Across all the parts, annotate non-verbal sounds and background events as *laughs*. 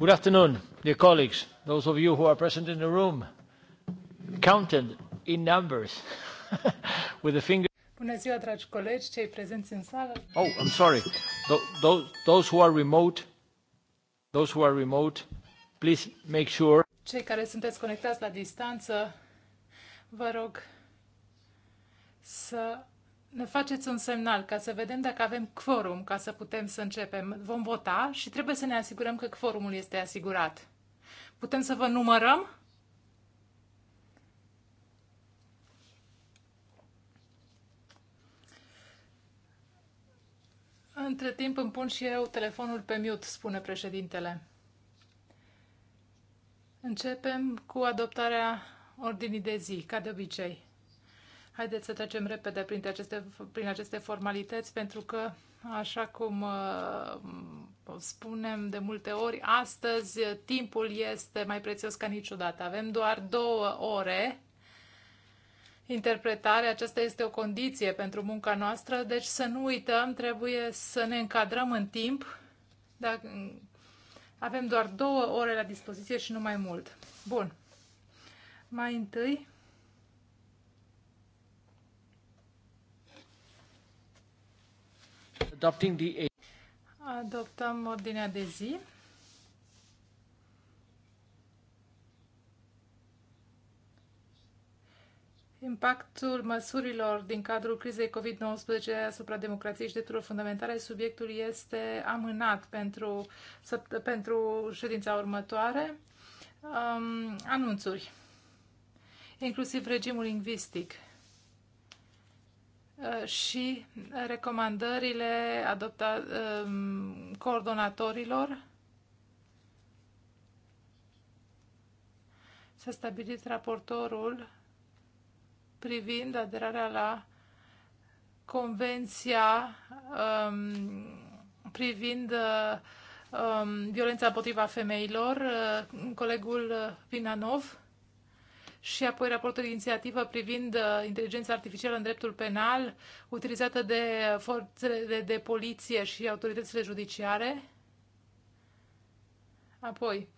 Good afternoon, dear colleagues, those of you who are present in the room, counted in numbers *laughs* with a finger. Bună ziua, dragi colegi, cei prezenți în sală. Oh, I'm sorry. Those, those who are remote, those who are remote, please make sure. Cei care sunteți conectați la distanță, vă rog să ne faceți un semnal ca să vedem dacă avem quorum ca să putem să începem. Vom vota și trebuie să ne asigurăm că quorumul este asigurat. Putem să vă numărăm? Între timp îmi pun și eu telefonul pe mute, spune președintele. Începem cu adoptarea ordinii de zi, ca de obicei. Haideți să trecem repede prin aceste, prin aceste formalități, pentru că, așa cum uh, spunem de multe ori, astăzi timpul este mai prețios ca niciodată. Avem doar două ore interpretare, aceasta este o condiție pentru munca noastră, deci să nu uităm, trebuie să ne încadrăm în timp. Dacă mm, avem doar două ore la dispoziție și nu mai mult. Bun. Mai întâi Adopting the... Adoptăm ordinea de zi. Impactul măsurilor din cadrul crizei COVID-19 asupra democrației și drepturilor fundamentale, subiectul este amânat pentru, pentru ședința următoare. Um, anunțuri, inclusiv regimul lingvistic. Uh, și recomandările adopta um, coordonatorilor. S-a stabilit raportorul privind aderarea la Convenția um, privind uh, um, violența împotriva femeilor, uh, colegul Vinanov și apoi raportul de inițiativă privind uh, inteligența artificială în dreptul penal utilizată de forțele de, de poliție și autoritățile judiciare. Apoi,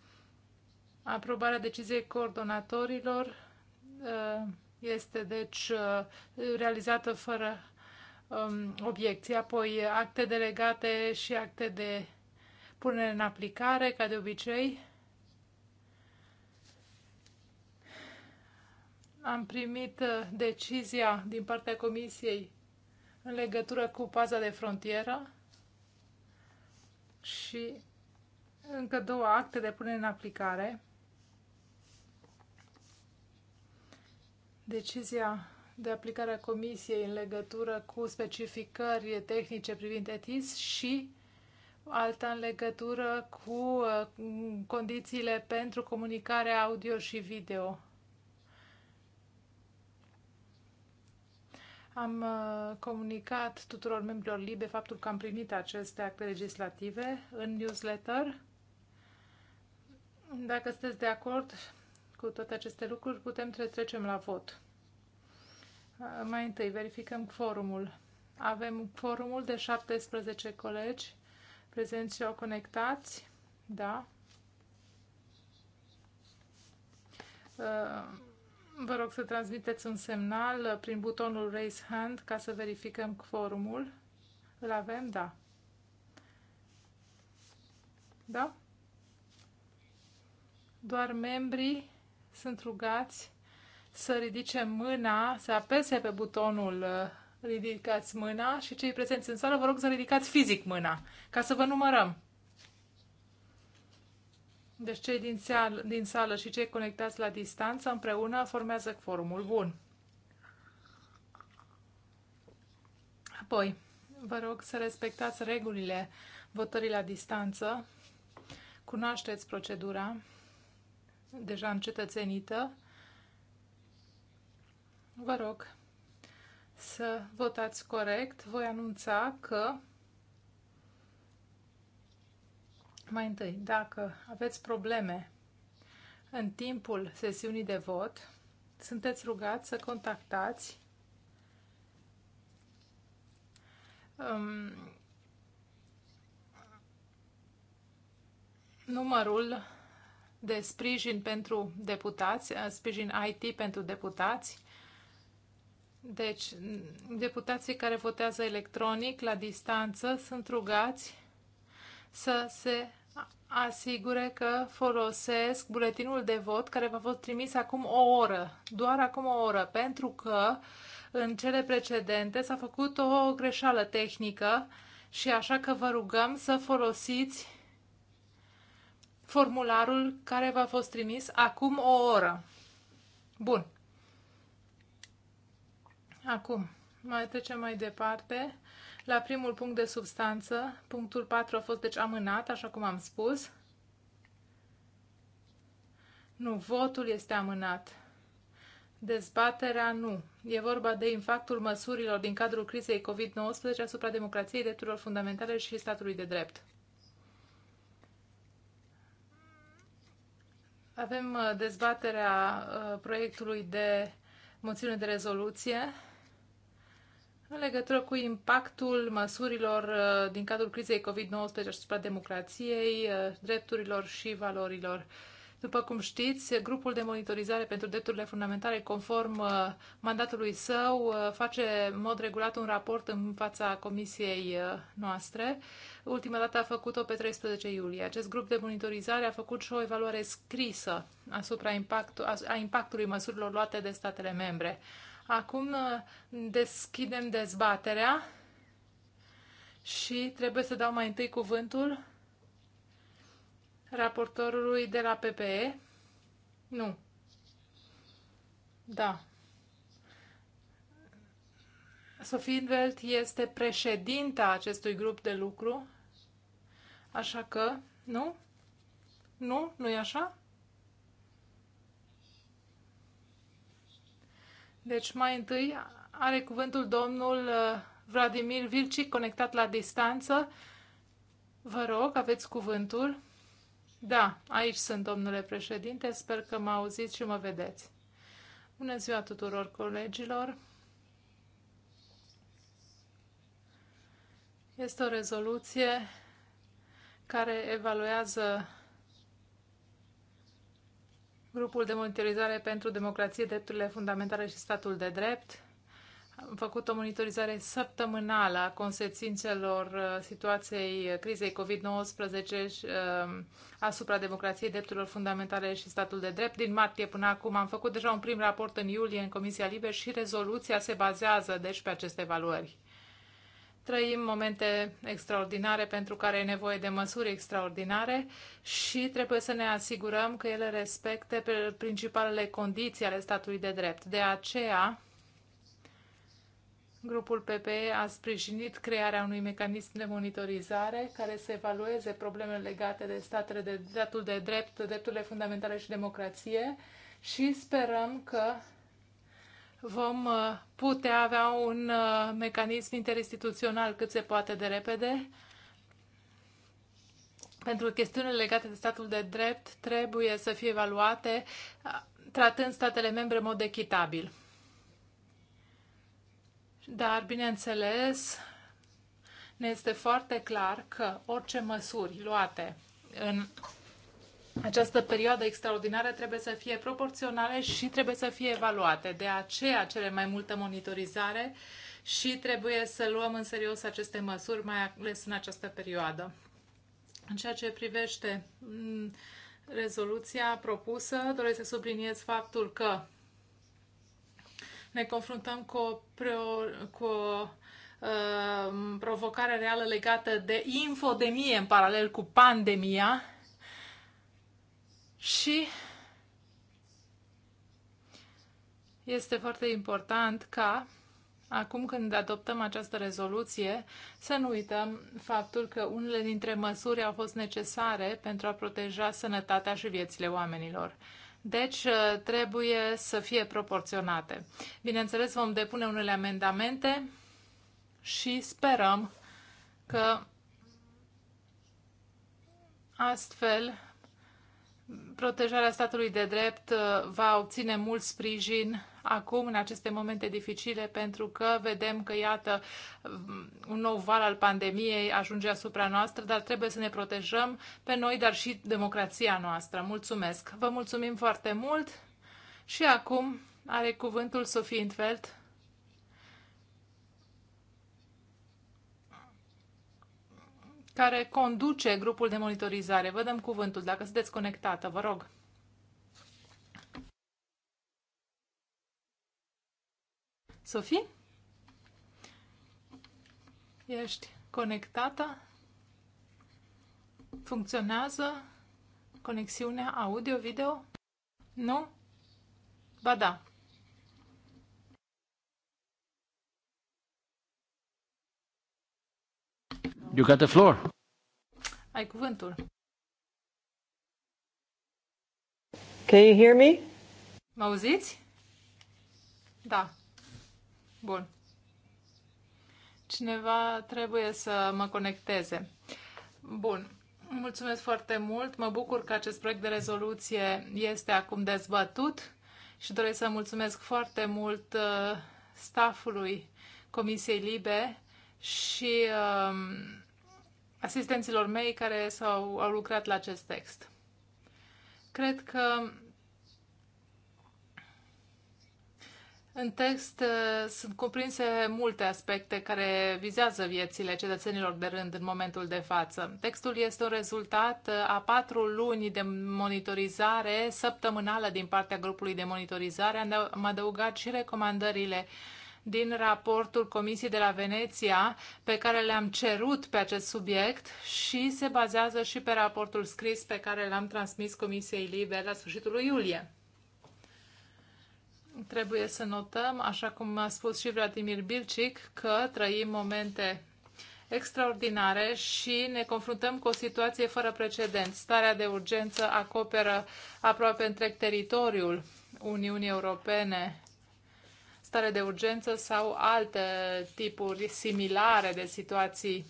aprobarea deciziei coordonatorilor uh, este deci uh, realizată fără um, obiecții. Apoi, acte delegate și acte de punere în aplicare, ca de obicei. am primit uh, decizia din partea Comisiei în legătură cu paza de frontieră și încă două acte de punere în aplicare. Decizia de aplicare a Comisiei în legătură cu specificări tehnice privind ETIS și alta în legătură cu uh, condițiile pentru comunicare audio și video Am uh, comunicat tuturor membrilor LIBE faptul că am primit aceste acte legislative în newsletter. Dacă sunteți de acord cu toate aceste lucruri, putem trecem la vot. Uh, mai întâi verificăm forumul. Avem forumul de 17 colegi prezenți și conectați. Da. Uh Vă rog să transmiteți un semnal prin butonul Raise Hand ca să verificăm quorumul. Îl avem? Da. Da? Doar membrii sunt rugați să ridice mâna, să apese pe butonul uh, ridicați mâna și cei prezenți în sală vă rog să ridicați fizic mâna ca să vă numărăm. Deci cei din, seal, din sală și cei conectați la distanță împreună formează formul bun. Apoi, vă rog să respectați regulile votării la distanță. Cunoașteți procedura deja încetățenită. Vă rog să votați corect. Voi anunța că Mai întâi, dacă aveți probleme în timpul sesiunii de vot, sunteți rugați să contactați um, numărul de sprijin pentru deputați, uh, sprijin IT pentru deputați. Deci, deputații care votează electronic la distanță sunt rugați să se asigure că folosesc buletinul de vot care v-a fost trimis acum o oră, doar acum o oră, pentru că în cele precedente s-a făcut o greșeală tehnică și așa că vă rugăm să folosiți formularul care v-a fost trimis acum o oră. Bun. Acum, mai trecem mai departe la primul punct de substanță, punctul 4 a fost deci amânat, așa cum am spus. Nu, votul este amânat. Dezbaterea nu. E vorba de impactul măsurilor din cadrul crizei COVID-19 asupra democrației, drepturilor fundamentale și statului de drept. Avem uh, dezbaterea uh, proiectului de moțiune de rezoluție în legătură cu impactul măsurilor uh, din cadrul crizei COVID-19 asupra democrației, uh, drepturilor și valorilor. După cum știți, grupul de monitorizare pentru drepturile fundamentale, conform uh, mandatului său, face în mod regulat un raport în fața comisiei noastre. Ultima dată a făcut-o pe 13 iulie. Acest grup de monitorizare a făcut și o evaluare scrisă asupra a impactului măsurilor luate de statele membre. Acum uh, deschidem dezbaterea și trebuie să dau mai întâi cuvântul raportorului de la PPE. Nu. Da. Sofie Invelt este președinta acestui grup de lucru, așa că, nu? Nu? Nu e așa? Deci mai întâi are cuvântul domnul uh, Vladimir Vilcic, conectat la distanță. Vă rog, aveți cuvântul. Da, aici sunt, domnule președinte. Sper că mă auziți și mă vedeți. Bună ziua tuturor colegilor. Este o rezoluție care evaluează Grupul de monitorizare pentru democrație, drepturile fundamentale și statul de drept. Am făcut o monitorizare săptămânală a consecințelor uh, situației crizei COVID-19 um, asupra democrației, drepturilor fundamentale și statul de drept. Din martie până acum am făcut deja un prim raport în iulie în Comisia Liber și rezoluția se bazează deci pe aceste valori trăim momente extraordinare pentru care e nevoie de măsuri extraordinare și trebuie să ne asigurăm că ele respecte principalele condiții ale statului de drept. De aceea, grupul PPE a sprijinit crearea unui mecanism de monitorizare care să evalueze problemele legate de statele de statul de drept, drepturile fundamentale și democrație și sperăm că vom uh, putea avea un uh, mecanism interinstituțional cât se poate de repede. Pentru chestiunile legate de statul de drept trebuie să fie evaluate uh, tratând statele membre în mod echitabil. Dar, bineînțeles, ne este foarte clar că orice măsuri luate în această perioadă extraordinară trebuie să fie proporționale și trebuie să fie evaluate. De aceea cere mai multă monitorizare și trebuie să luăm în serios aceste măsuri, mai ales în această perioadă. În ceea ce privește mm, rezoluția propusă, doresc să subliniez faptul că ne confruntăm cu o, cu o uh, provocare reală legată de infodemie în paralel cu pandemia și este foarte important ca acum când adoptăm această rezoluție, să nu uităm faptul că unele dintre măsuri au fost necesare pentru a proteja sănătatea și viețile oamenilor. Deci uh, trebuie să fie proporționate. Bineînțeles, vom depune unele amendamente și sperăm că astfel protejarea statului de drept uh, va obține mult sprijin acum, în aceste momente dificile, pentru că vedem că, iată, un nou val al pandemiei ajunge asupra noastră, dar trebuie să ne protejăm pe noi, dar și democrația noastră. Mulțumesc! Vă mulțumim foarte mult și acum are cuvântul Sofie Intveld care conduce grupul de monitorizare. Vă dăm cuvântul, dacă sunteți conectată, vă rog. Sofie? Ești conectată? Funcționează conexiunea audio-video? Nu? Ba da. You got the floor. Ai cuvântul. Can you hear me? Mă auziți? Da. Bun. Cineva trebuie să mă conecteze. Bun. Mulțumesc foarte mult. Mă bucur că acest proiect de rezoluție este acum dezbătut și doresc să mulțumesc foarte mult uh, staffului Comisiei Libe și uh, asistenților mei care s-au, au lucrat la acest text. Cred că În text uh, sunt cuprinse multe aspecte care vizează viețile cetățenilor de rând în momentul de față. Textul este un rezultat uh, a patru luni de monitorizare săptămânală din partea grupului de monitorizare. Am adăugat și recomandările uh, din raportul Comisiei de la Veneția pe care le-am cerut pe acest subiect și se bazează și pe raportul scris pe care l-am transmis Comisiei Libe la sfârșitul lui iulie. Trebuie să notăm, așa cum a spus și Vladimir Bilcic, că trăim momente extraordinare și ne confruntăm cu o situație fără precedent. Starea de urgență acoperă aproape întreg teritoriul Uniunii Europene stare de urgență sau alte tipuri similare de situații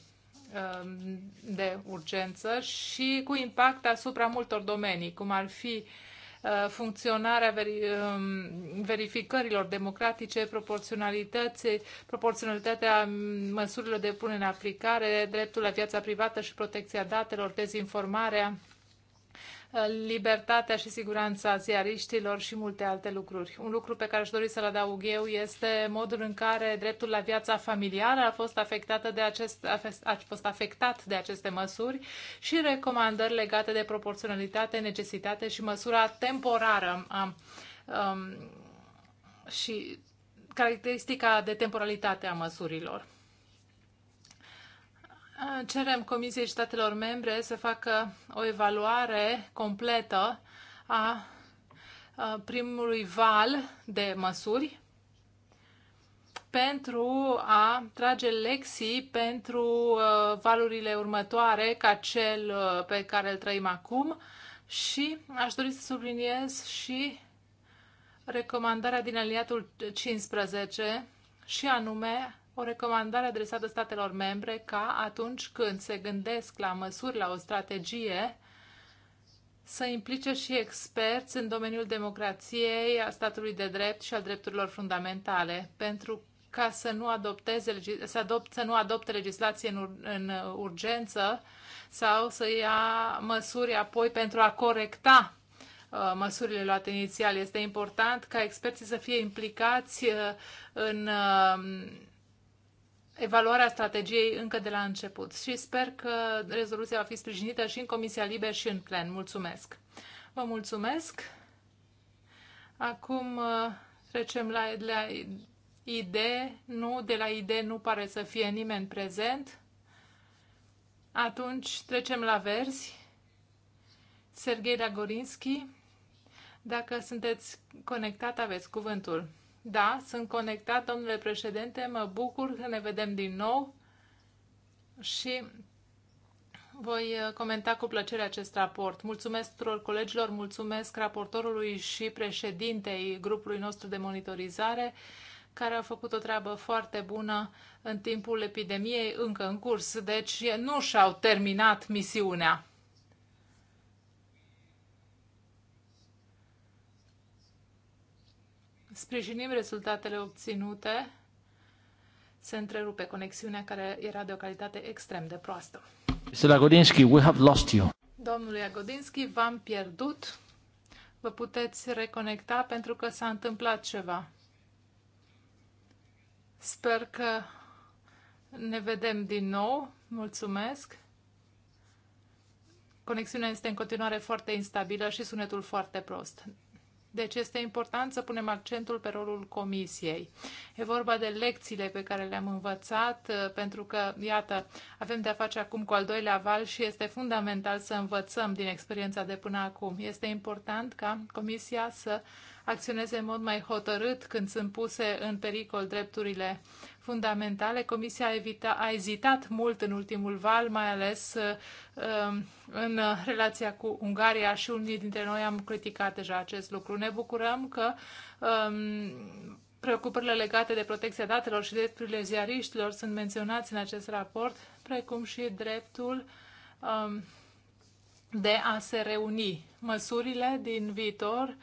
um, de urgență și cu impact asupra multor domenii, cum ar fi uh, funcționarea um, verificărilor democratice, proporționalității, proporționalitatea um, măsurilor de punere în aplicare, dreptul la viața privată și protecția datelor, dezinformarea libertatea și siguranța ziariștilor și multe alte lucruri. Un lucru pe care aș dori să-l adaug eu este modul în care dreptul la viața familială a fost, afectată de acest, a fost afectat de aceste măsuri și recomandări legate de proporționalitate, necesitate și măsura temporară um, și caracteristica de temporalitate a măsurilor. Cerem Comisiei Statelor Membre să facă o evaluare completă a primului val de măsuri pentru a trage lecții pentru valurile următoare ca cel pe care îl trăim acum și aș dori să subliniez și recomandarea din aliatul 15 și anume o recomandare adresată statelor membre ca atunci când se gândesc la măsuri, la o strategie, să implice și experți în domeniul democrației, a statului de drept și al drepturilor fundamentale, pentru ca să nu, adopteze, să, adopt, să nu adopte legislație în, în urgență sau să ia măsuri apoi pentru a corecta uh, măsurile luate inițial. Este important ca experții să fie implicați uh, în uh, evaluarea strategiei încă de la început și sper că rezoluția va fi sprijinită și în Comisia Liber și în plen. Mulțumesc! Vă mulțumesc! Acum uh, trecem la, la ID. Nu, de la ID nu pare să fie nimeni prezent. Atunci trecem la verzi. Serghei Dagorinski, dacă sunteți conectat, aveți cuvântul. Da, sunt conectat, domnule președinte, mă bucur că ne vedem din nou și voi uh, comenta cu plăcere acest raport. Mulțumesc tuturor colegilor, mulțumesc raportorului și președintei grupului nostru de monitorizare, care a făcut o treabă foarte bună în timpul epidemiei, încă în curs. Deci nu și-au terminat misiunea. Sprijinim rezultatele obținute. Se întrerupe conexiunea care era de o calitate extrem de proastă. Mr. Lagodinski, we have lost you. Domnule Agodinski, v-am pierdut. Vă puteți reconecta pentru că s-a întâmplat ceva. Sper că ne vedem din nou. Mulțumesc. Conexiunea este în continuare foarte instabilă și sunetul foarte prost. Deci este important să punem accentul pe rolul comisiei. E vorba de lecțiile pe care le-am învățat, uh, pentru că, iată, avem de-a face acum cu al doilea val și este fundamental să învățăm din experiența de până acum. Este important ca comisia să acționeze în mod mai hotărât când sunt puse în pericol drepturile fundamentale. Comisia a, evita, a ezitat mult în ultimul val, mai ales uh, um, în relația cu Ungaria și unii dintre noi am criticat deja acest lucru. Ne bucurăm că um, Preocupările legate de protecția datelor și drepturile ziariștilor sunt menționați în acest raport, precum și dreptul um, de a se reuni. Măsurile din viitor,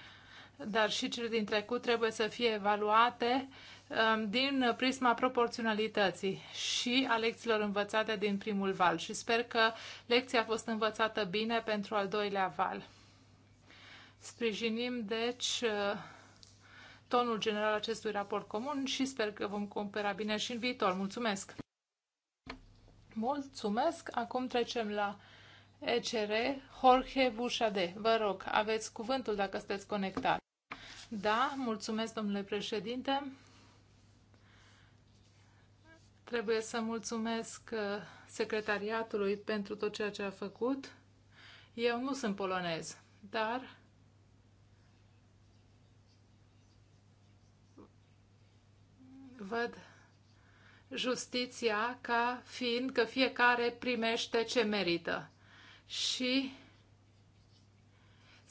dar și cele din trecut, trebuie să fie evaluate Um, din prisma proporționalității și a lecțiilor învățate din primul val și sper că lecția a fost învățată bine pentru al doilea val. Sprijinim, deci, uh, tonul general acestui raport comun și sper că vom compara bine și în viitor. Mulțumesc! Mulțumesc! Acum trecem la ECR Jorge Bușade. Vă rog, aveți cuvântul dacă sunteți conectat. Da, mulțumesc, domnule președinte. Trebuie să mulțumesc uh, secretariatului pentru tot ceea ce a făcut. Eu nu sunt polonez, dar văd justiția ca fiind că fiecare primește ce merită. Și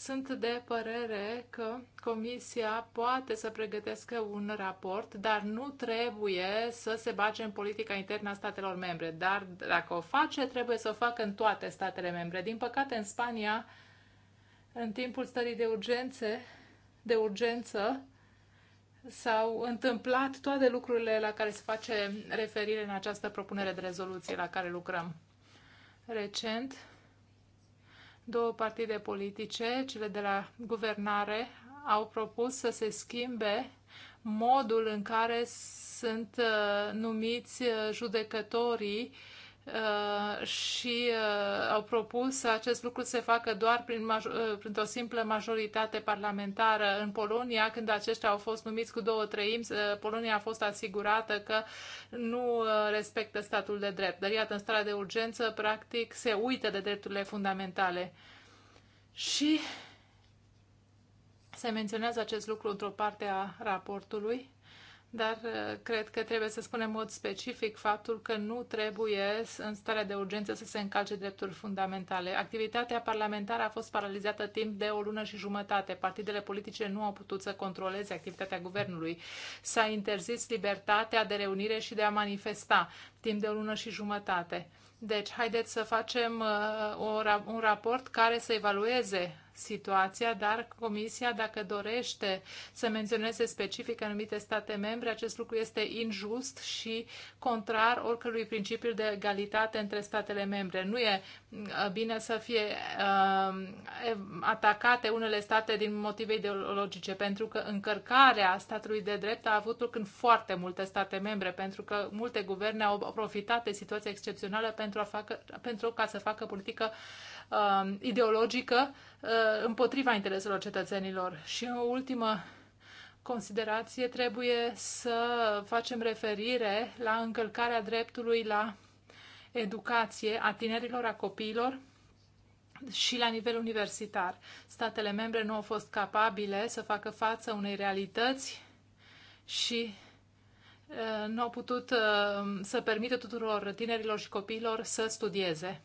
sunt de părere că Comisia poate să pregătească un raport, dar nu trebuie să se bage în politica internă a statelor membre. Dar dacă o face, trebuie să o facă în toate statele membre. Din păcate, în Spania, în timpul stării de urgențe, de urgență, s-au întâmplat toate lucrurile la care se face referire în această propunere de rezoluție la care lucrăm. Recent, Două partide politice, cele de la guvernare, au propus să se schimbe modul în care sunt uh, numiți uh, judecătorii uh, Uh, și uh, au propus să acest lucru se facă doar prin uh, printr-o simplă majoritate parlamentară în Polonia. Când aceștia au fost numiți cu două treimi, Polonia a fost asigurată că nu respectă statul de drept. Dar iată, în starea de urgență, practic, se uită de drepturile fundamentale. Și se menționează acest lucru într-o parte a raportului dar uh, cred că trebuie să spunem în mod specific faptul că nu trebuie în starea de urgență să se încalce drepturi fundamentale. Activitatea parlamentară a fost paralizată timp de o lună și jumătate. Partidele politice nu au putut să controleze activitatea guvernului. S-a interzis libertatea de reunire și de a manifesta timp de o lună și jumătate. Deci, haideți să facem uh, un raport care să evalueze situația, dar Comisia, dacă dorește să menționeze specific anumite state membre, acest lucru este injust și contrar oricărui principiu de egalitate între statele membre. Nu e uh, bine să fie uh, atacate unele state din motive ideologice, pentru că încărcarea statului de drept a avut loc în foarte multe state membre, pentru că multe guverne au profitat de situația excepțională pentru, a facă, pentru ca să facă politică uh, uh, ideologică uh, împotriva intereselor cetățenilor. Și o ultimă considerație trebuie să facem referire la încălcarea dreptului la educație a tinerilor, a copiilor și la nivel universitar. Statele membre nu au fost capabile să facă față unei realități și uh, nu au putut uh, să permită tuturor tinerilor și copiilor să studieze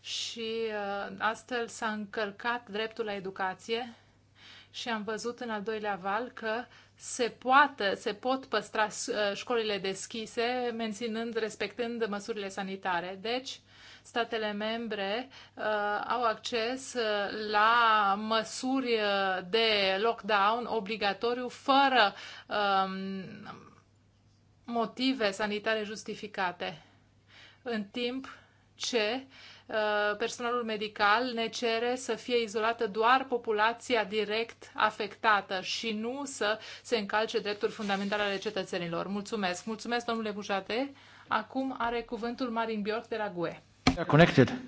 și uh, astfel s-a încălcat dreptul la educație și am văzut în al doilea val că se, poate, se pot păstra uh, școlile deschise, menținând, respectând măsurile sanitare. Deci, statele membre uh, au acces uh, la măsuri de lockdown obligatoriu, fără um, motive sanitare justificate, în timp ce Uh, personalul medical ne cere să fie izolată doar populația direct afectată și nu să se încalce drepturi fundamentale ale cetățenilor. Mulțumesc! Mulțumesc, domnule Bujate! Acum are cuvântul Marin Bjork de la GUE. Connected.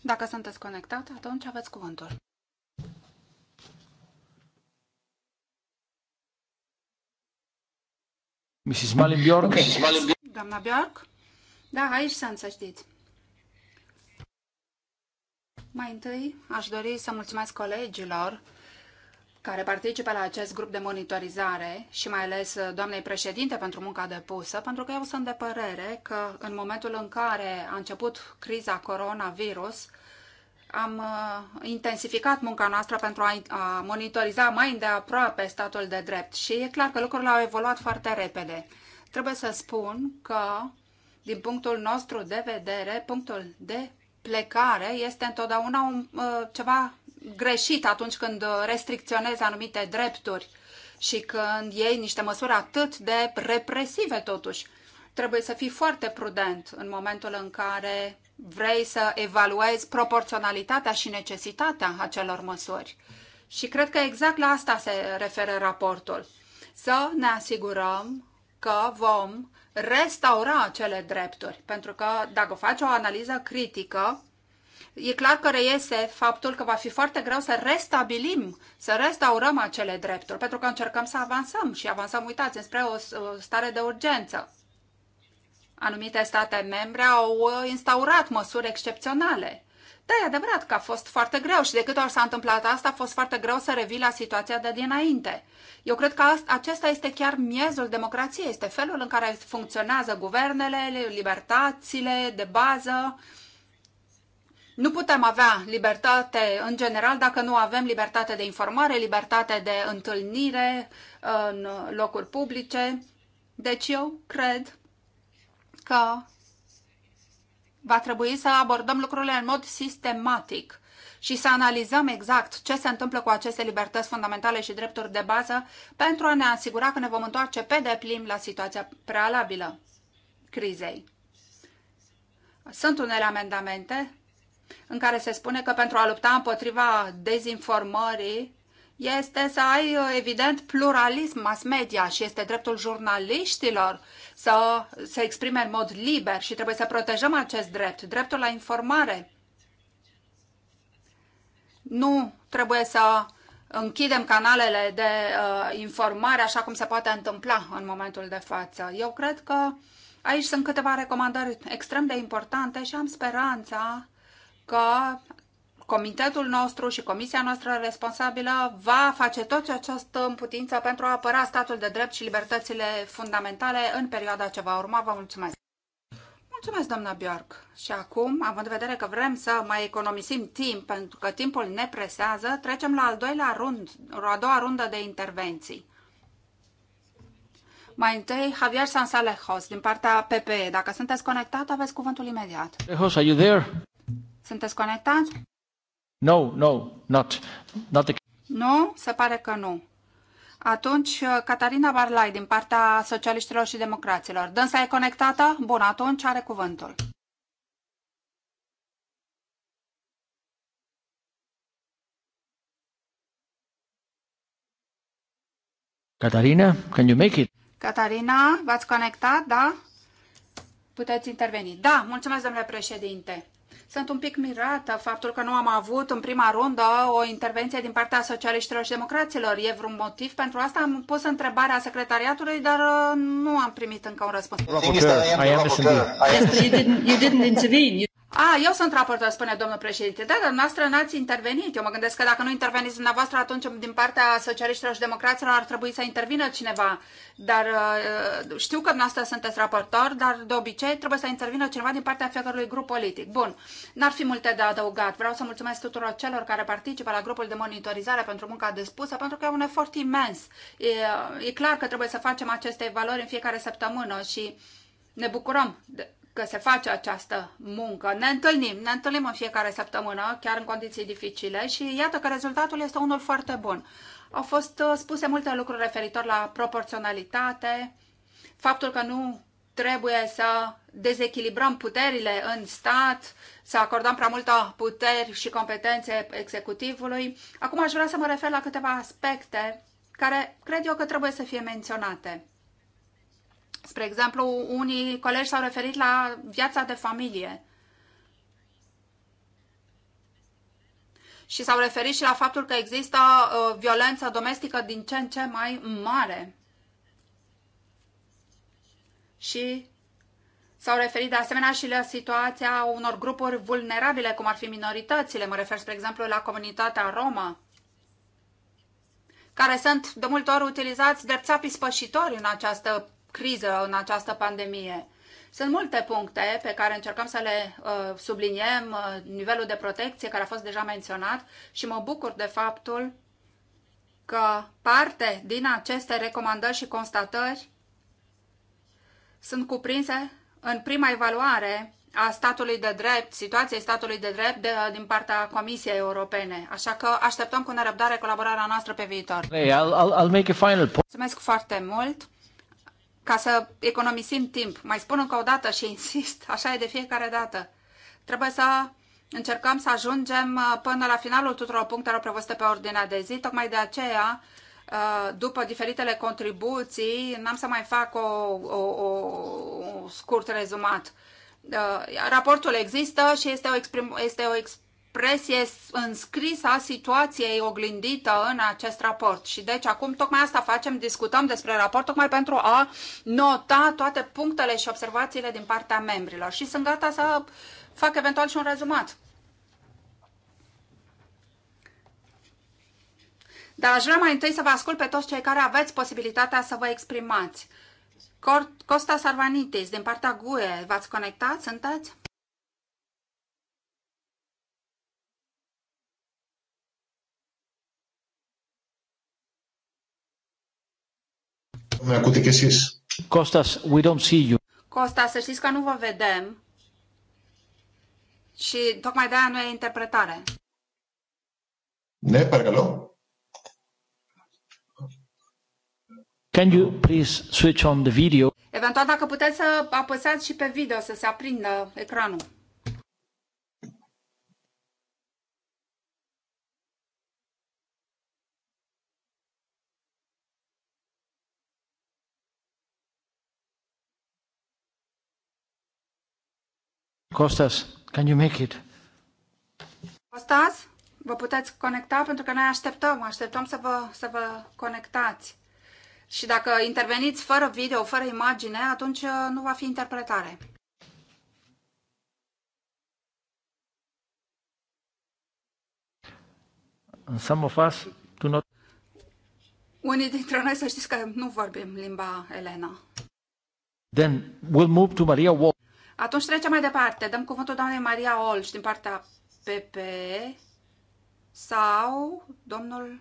Dacă sunteți conectat, atunci aveți cuvântul. Mrs. Malin Bjork. Okay. Doamna Bjork? Da, aici sunt, să știți. Mai întâi, aș dori să mulțumesc colegilor care participă la acest grup de monitorizare și mai ales uh, doamnei președinte pentru munca depusă, pentru că eu sunt de părere că în momentul în care a început criza coronavirus, am uh, intensificat munca noastră pentru a monitoriza mai îndeaproape statul de drept și e clar că lucrurile au evoluat foarte repede. Trebuie să spun că, din punctul nostru de vedere, punctul de plecare este întotdeauna un, uh, ceva greșit atunci când restricționezi anumite drepturi și când iei niște măsuri atât de represive totuși. Trebuie să fii foarte prudent în momentul în care vrei să evaluezi proporționalitatea și necesitatea acelor măsuri. Și cred că exact la asta se referă raportul. Să ne asigurăm că vom restaura acele drepturi. Pentru că dacă faci o analiză critică, e clar că reiese faptul că va fi foarte greu să restabilim, să restaurăm acele drepturi, pentru că încercăm să avansăm și avansăm, uitați, spre o stare de urgență. Anumite state membre au uh, instaurat măsuri excepționale da, e adevărat că a fost foarte greu și de câte ori s-a întâmplat asta, a fost foarte greu să revii la situația de dinainte. Eu cred că acesta este chiar miezul democrației, este felul în care funcționează guvernele, libertățile de bază. Nu putem avea libertate în general dacă nu avem libertate de informare, libertate de întâlnire uh, în locuri publice. Deci eu cred că Va trebui să abordăm lucrurile în mod sistematic și să analizăm exact ce se întâmplă cu aceste libertăți fundamentale și drepturi de bază pentru a ne asigura că ne vom întoarce pe deplin la situația prealabilă crizei. Sunt unele amendamente în care se spune că pentru a lupta împotriva dezinformării este să ai, uh, evident, pluralism mass media și este dreptul jurnaliștilor să se exprime în mod liber și trebuie să protejăm acest drept, dreptul la informare. Nu trebuie să închidem canalele de uh, informare așa cum se poate întâmpla în momentul de față. Eu cred că aici sunt câteva recomandări extrem de importante și am speranța că comitetul nostru și comisia noastră responsabilă va face tot ce această putință pentru a apăra statul de drept și libertățile fundamentale în perioada ce va urma. Vă mulțumesc! Mulțumesc, doamna Bjork. Și acum, având în vedere că vrem să mai economisim timp, pentru că timpul ne presează, trecem la al doilea rund, a doua rundă de intervenții. Mai întâi, Javier Sansalejos, din partea PPE. Dacă sunteți conectat, aveți cuvântul imediat. Sansalejos, are you there? Sunteți conectați? No, no, not, not the... Nu, se pare că nu. Atunci, uh, Catarina Barlai, din partea socialiștilor și democraților. Dânsa e conectată? Bun, atunci are cuvântul. Catarina, can you make it? Catarina, v-ați conectat, da? Puteți interveni. Da, mulțumesc, domnule președinte. Sunt un pic mirată faptul că nu am avut în prima rundă o intervenție din partea socialiștilor și democraților. E vreun motiv pentru asta? Am pus întrebarea secretariatului, dar uh, nu am primit încă un răspuns. You didn't, you didn't intervene. A, eu sunt raportor, spune domnul președinte. Da, dar noastră n-ați intervenit. Eu mă gândesc că dacă nu interveniți dumneavoastră, atunci din partea socialiștilor și democraților ar trebui să intervină cineva. Dar uh, știu că noastră sunteți raportor, dar de obicei trebuie să intervină cineva din partea fiecărui grup politic. Bun, n-ar fi multe de adăugat. Vreau să mulțumesc tuturor celor care participă la grupul de monitorizare pentru munca despusă, pentru că e un efort imens. E, e clar că trebuie să facem aceste valori în fiecare săptămână și ne bucurăm de, că se face această muncă. Ne întâlnim, ne întâlnim în fiecare săptămână, chiar în condiții dificile și iată că rezultatul este unul foarte bun. Au fost uh, spuse multe lucruri referitor la proporționalitate, faptul că nu trebuie să dezechilibrăm puterile în stat, să acordăm prea multă puteri și competențe executivului. Acum aș vrea să mă refer la câteva aspecte care cred eu că trebuie să fie menționate. Spre exemplu, unii colegi s-au referit la viața de familie. Și s-au referit și la faptul că există uh, violență domestică din ce în ce mai mare. Și S-au referit de asemenea și la situația unor grupuri vulnerabile, cum ar fi minoritățile, mă refer, spre exemplu, la comunitatea Roma, care sunt de multe ori utilizați drept țapii spășitori în această criză în această pandemie. Sunt multe puncte pe care încercăm să le uh, subliniem, uh, nivelul de protecție care a fost deja menționat și mă bucur de faptul că parte din aceste recomandări și constatări sunt cuprinse în prima evaluare a statului de drept, situației statului de drept de, uh, din partea Comisiei Europene. Așa că așteptăm cu nerăbdare colaborarea noastră pe viitor. Hey, I'll, I'll make a final point. Mulțumesc foarte mult! ca să economisim timp. Mai spun încă o dată și *laughs* insist, așa e de fiecare dată. Trebuie să încercăm să ajungem uh, până la finalul tuturor punctelor prevăzute pe ordinea de zi. Tocmai de aceea, uh, după diferitele contribuții, n-am să mai fac o, o, o scurt rezumat. Uh, raportul există și este o, exprim, este o ex, expresie înscrisă a situației oglindită în acest raport. Și deci acum tocmai asta facem, discutăm despre raport, tocmai pentru a nota toate punctele și observațiile din partea membrilor. Și sunt gata să fac eventual și un rezumat. Dar aș vrea mai întâi să vă ascult pe toți cei care aveți posibilitatea să vă exprimați. Costa Sarvanitis, din partea GUE, v-ați conectat? Sunteți? με ακούτε κι εσείς. Κώστας, we don't see you. Κώστα, să știți că nu vă vedem. Și tocmai de-aia nu e interpretare. Ne παρακαλώ. Can you please switch on the video? Eventual dacă puteți să apăsați și pe video să se aprindă ecranul. Costas, can you make it? Costas, vă puteți conecta pentru că noi așteptăm, așteptăm să vă, să vă conectați. Și dacă interveniți fără video, fără imagine, atunci uh, nu va fi interpretare. Some of us do not... Unii dintre noi să știți că nu vorbim limba elena. Then we'll move to Maria Wall. Atunci trecem mai departe. Dăm cuvântul doamnei Maria Olș din partea PP sau domnul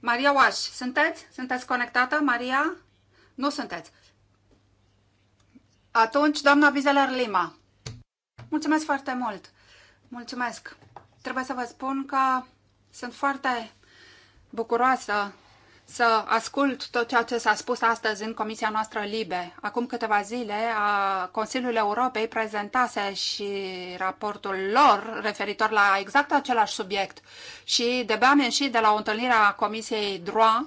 Maria Oaș. Sunteți? Sunteți conectată, Maria? Nu sunteți. Atunci, doamna Vizeler Lima. Mulțumesc foarte mult. Mulțumesc. Trebuie să vă spun că sunt foarte bucuroasă să ascult tot ceea ce s-a spus astăzi în Comisia noastră Libe. Acum câteva zile, a Consiliul Europei prezentase și raportul lor referitor la exact același subiect și de am ieșit de la o întâlnire a Comisiei DROA,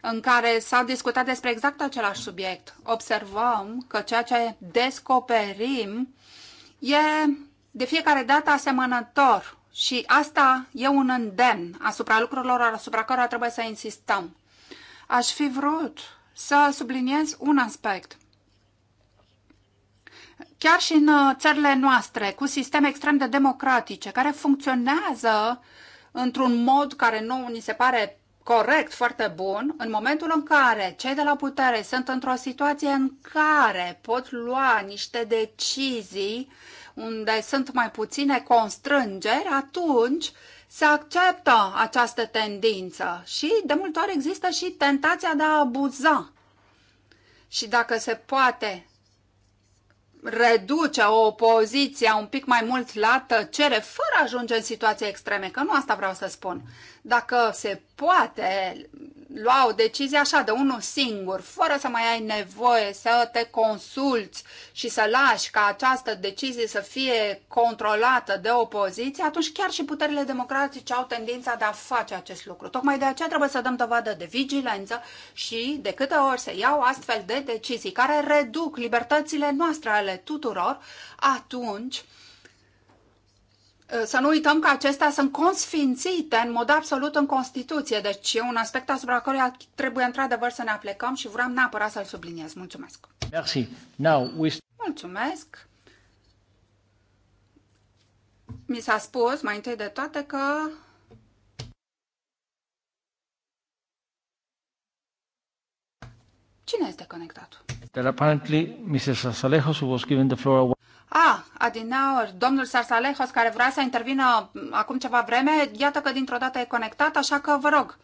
în care s-a discutat despre exact același subiect. Observăm că ceea ce descoperim e de fiecare dată asemănător și asta e un îndemn asupra lucrurilor asupra cărora trebuie să insistăm aș fi vrut să subliniez un aspect. Chiar și în uh, țările noastre, cu sisteme extrem de democratice, care funcționează într-un mod care nu ni se pare corect, foarte bun, în momentul în care cei de la putere sunt într-o situație în care pot lua niște decizii unde sunt mai puține constrângeri, atunci se acceptă această tendință și de multe ori există și tentația de a abuza. Și dacă se poate reduce opoziția un pic mai mult la tăcere, fără a ajunge în situații extreme, că nu asta vreau să spun. Dacă se poate lua o decizie așa de unul singur, fără să mai ai nevoie să te consulți și să lași ca această decizie să fie controlată de opoziție, atunci chiar și puterile democratice au tendința de a face acest lucru. Tocmai de aceea trebuie să dăm dovadă de vigilență și de câte ori se iau astfel de decizii care reduc libertățile noastre ale tuturor, atunci Eh, să nu uităm că acestea sunt consfințite în mod absolut în Constituție, deci e un aspect asupra căruia trebuie într-adevăr să ne aplecăm și vreau neapărat să-l subliniez. Mulțumesc! Merci. Now we... Mulțumesc! Mi s-a spus mai întâi de toate că Cine este conectat? That apparently Mrs. Salejo was given the floor a, Adinaur, domnul Sarsalejos, care vrea să intervină acum ceva vreme, iată că dintr-o dată e conectat, așa că vă rog,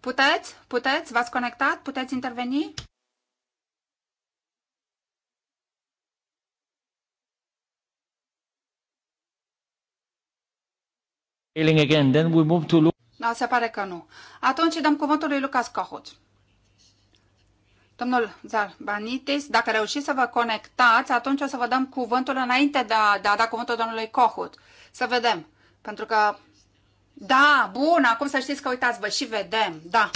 puteți? Puteți? V-ați conectat? Puteți interveni? Again. Then we move to... No, se pare că nu. Atunci dăm cuvântul lui Lucas Cahut. Domnul Zarbanitis, dacă reușiți să vă conectați, atunci o să vă dăm cuvântul înainte de a, de a da cuvântul domnului Cohut. Să vedem. Pentru că da, bun, acum să știți că uitați, vă și vedem, da.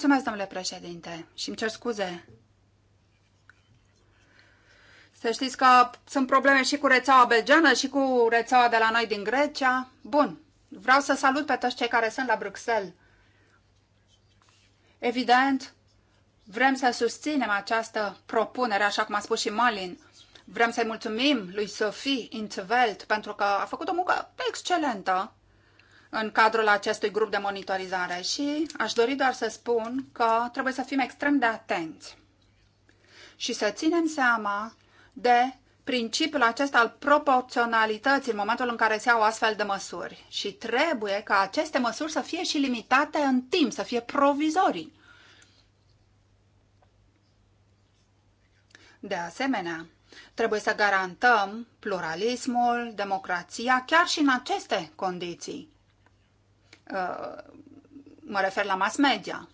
Mulțumesc, domnule președinte, și îmi cer scuze. Să știți că sunt probleme și cu rețeaua belgeană și cu rețeaua de la noi din Grecia. Bun, vreau să salut pe toți cei care sunt la Bruxelles Evident, vrem să susținem această propunere, așa cum a spus și Malin. Vrem să-i mulțumim lui Sophie Intveld pentru că a făcut o muncă excelentă în cadrul acestui grup de monitorizare și aș dori doar să spun că trebuie să fim extrem de atenți și să ținem seama de principiul acesta al proporționalității în momentul în care se iau astfel de măsuri și trebuie ca aceste măsuri să fie și limitate în timp, să fie provizorii. De asemenea, trebuie să garantăm pluralismul, democrația, chiar și în aceste condiții. Uh, mă refer la mass media.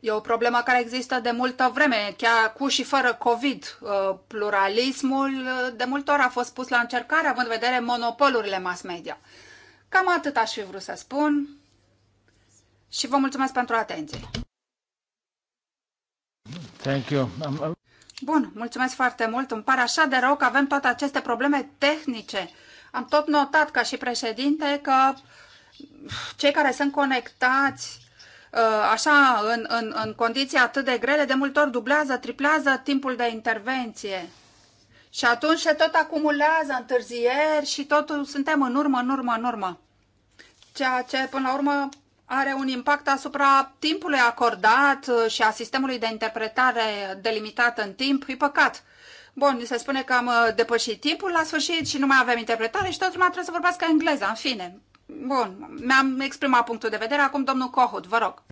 E o problemă care există de multă vreme, chiar cu și fără COVID. Uh, pluralismul uh, de multe ori a fost pus la încercare, având în vedere monopolurile mass media. Cam atât aș fi vrut să spun și vă mulțumesc pentru atenție. Thank you. Bun, mulțumesc foarte mult. Îmi pare așa de rău că avem toate aceste probleme tehnice. Am tot notat ca și președinte că cei care sunt conectați Uh, așa, în, în, în condiții atât de grele, de multe ori dublează, triplează timpul de intervenție. Și atunci se tot acumulează întârzieri și totul suntem în urmă, în urmă, în urmă. Ceea ce, până la urmă, are un impact asupra timpului acordat uh, și a sistemului de interpretare delimitat în timp. E păcat. Bun, se spune că am uh, depășit timpul la sfârșit și nu mai avem interpretare și totul mai trebuie să vorbească engleză, în fine. Bun, mi-am exprimat punctul de vedere. Acum, domnul Cohut, vă rog.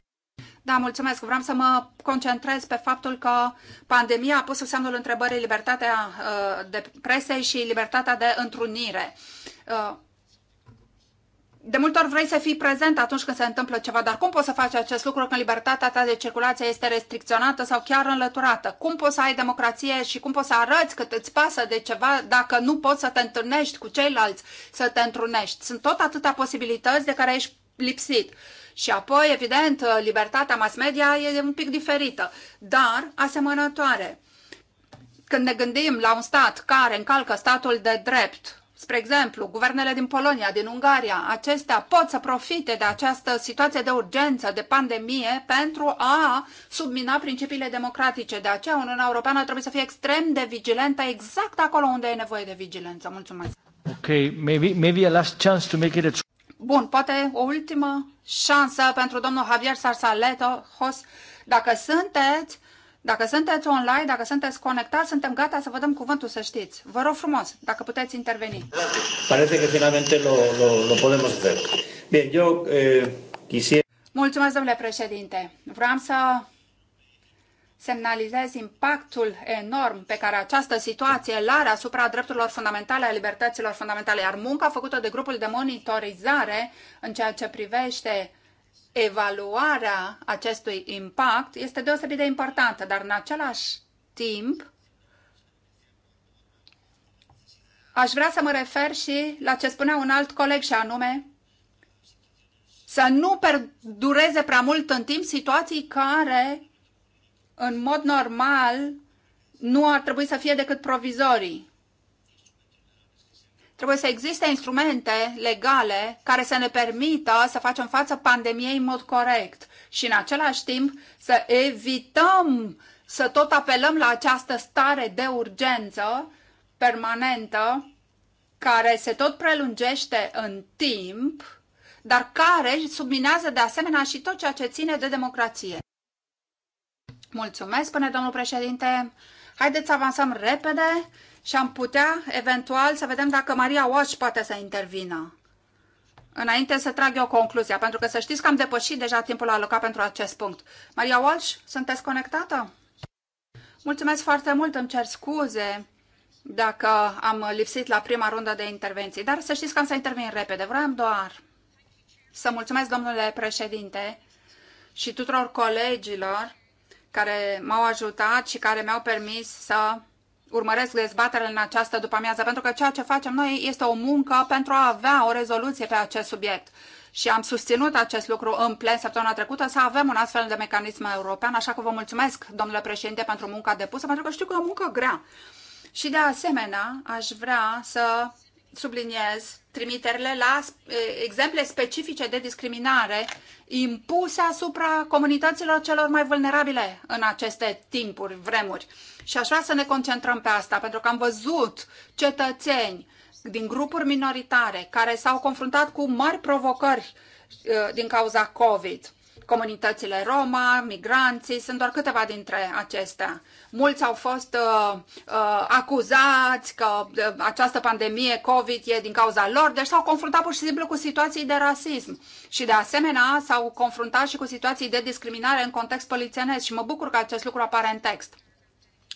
Da, mulțumesc. Vreau să mă concentrez pe faptul că pandemia a pus în semnul întrebării libertatea uh, de presei și libertatea de întrunire. Uh, de multe ori vrei să fii prezent atunci când se întâmplă ceva, dar cum poți să faci acest lucru când libertatea ta de circulație este restricționată sau chiar înlăturată? Cum poți să ai democrație și cum poți să arăți că îți pasă de ceva dacă nu poți să te întâlnești cu ceilalți, să te întrunești? Sunt tot atâtea posibilități de care ești lipsit. Și apoi, evident, libertatea mass media e un pic diferită, dar asemănătoare. Când ne gândim la un stat care încalcă statul de drept, Spre exemplu, guvernele din Polonia, din Ungaria, acestea pot să profite de această situație de urgență, de pandemie, pentru a submina principiile democratice. De aceea, Uniunea Europeană trebuie să fie extrem de vigilentă exact acolo unde e nevoie de vigilență. Mulțumesc! Ok, maybe, maybe a last chance to make it a... Bun, poate o ultimă șansă pentru domnul Javier Sarsaleto, host, dacă sunteți dacă sunteți online, dacă sunteți conectați, suntem gata să vă dăm cuvântul să știți. Vă rog frumos, dacă puteți interveni. Parece că finalmente lo, lo, lo podem hacer. Bien, eu eh, quisier... Mulțumesc, domnule președinte. Vreau să semnalizez impactul enorm pe care această situație îl are asupra drepturilor fundamentale, a libertăților fundamentale, iar munca făcută de grupul de monitorizare în ceea ce privește evaluarea acestui impact este deosebit de importantă, dar în același timp aș vrea să mă refer și la ce spunea un alt coleg și anume să nu perdureze prea mult în timp situații care în mod normal nu ar trebui să fie decât provizorii. Trebuie să existe instrumente legale care să ne permită să facem față pandemiei în mod corect și în același timp să evităm să tot apelăm la această stare de urgență permanentă care se tot prelungește în timp, dar care subminează de asemenea și tot ceea ce ține de democrație. Mulțumesc, spune domnul președinte. Haideți să avansăm repede și am putea, eventual, să vedem dacă Maria Walsh poate să intervină. Înainte să trag eu concluzia, pentru că să știți că am depășit deja timpul alocat pentru acest punct. Maria Walsh, sunteți conectată? Mulțumesc foarte mult, îmi cer scuze dacă am lipsit la prima rundă de intervenții, dar să știți că am să intervin repede. Vreau doar să mulțumesc, domnule președinte, și tuturor colegilor care m-au ajutat și care mi-au permis să urmăresc dezbaterea în această după-amiază, pentru că ceea ce facem noi este o muncă pentru a avea o rezoluție pe acest subiect. Și am susținut acest lucru în plen săptămâna trecută să avem un astfel de mecanism european, așa că vă mulțumesc, domnule președinte, pentru munca depusă, pentru că știu că e o muncă grea. Și de asemenea, aș vrea să subliniez trimiterile la exemple specifice de discriminare impuse asupra comunităților celor mai vulnerabile în aceste timpuri, vremuri. Și aș vrea să ne concentrăm pe asta, pentru că am văzut cetățeni din grupuri minoritare care s-au confruntat cu mari provocări din cauza COVID comunitățile Roma, migranții, sunt doar câteva dintre acestea. Mulți au fost uh, uh, acuzați că uh, această pandemie COVID e din cauza lor, deci s-au confruntat pur și simplu cu situații de rasism. Și de asemenea s-au confruntat și cu situații de discriminare în context polițienesc și mă bucur că acest lucru apare în text.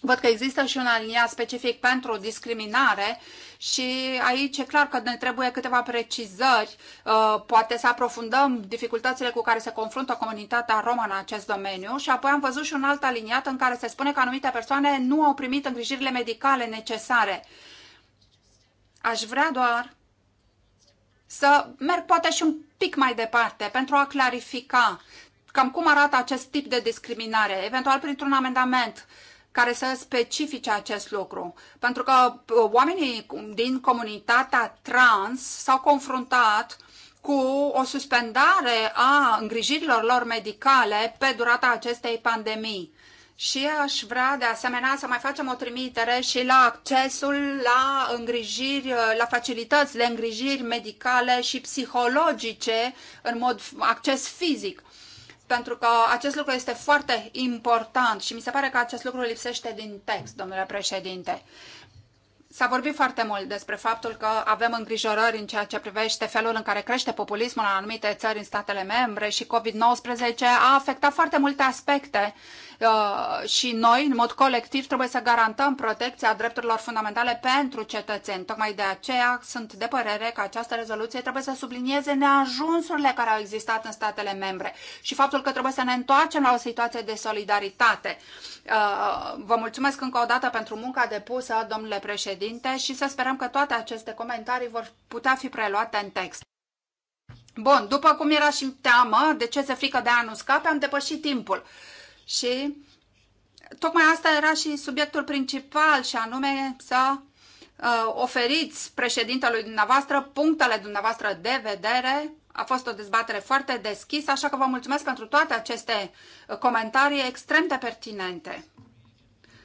Văd că există și un aliniat specific pentru discriminare și aici e clar că ne trebuie câteva precizări, uh, poate să aprofundăm dificultățile cu care se confruntă comunitatea romă în acest domeniu și apoi am văzut și un alt aliniat în care se spune că anumite persoane nu au primit îngrijirile medicale necesare. Aș vrea doar să merg poate și un pic mai departe pentru a clarifica cam cum arată acest tip de discriminare, eventual printr-un amendament uh, care să specifice acest lucru. Pentru că uh, oamenii din comunitatea trans s-au confruntat cu o suspendare a îngrijirilor lor medicale pe durata acestei pandemii. Și aș vrea de asemenea să mai facem o trimitere și la accesul la îngrijiri, uh, la facilități de îngrijiri medicale și psihologice în mod acces fizic pentru că acest lucru este foarte important și mi se pare că acest lucru lipsește din text, domnule președinte. S-a vorbit foarte mult despre faptul că avem îngrijorări în ceea ce privește felul în care crește populismul în anumite țări în statele membre și COVID-19 a afectat foarte multe aspecte Uh, și noi, în mod colectiv, trebuie să garantăm protecția drepturilor fundamentale pentru cetățeni. Tocmai de aceea sunt de părere că această rezoluție trebuie să sublinieze neajunsurile care au existat în statele membre și faptul că trebuie să ne întoarcem la o situație de solidaritate. Uh, vă mulțumesc încă o dată pentru munca depusă, domnule președinte, și să sperăm că toate aceste comentarii vor putea fi preluate în text. Bun, după cum era și teamă, de ce se frică de a nu scape, am depășit timpul. Și tocmai asta era și subiectul principal și anume să uh, oferiți președintelui dumneavoastră punctele dumneavoastră de vedere. A fost o dezbatere foarte deschisă, așa că vă mulțumesc pentru toate aceste uh, comentarii extrem de pertinente.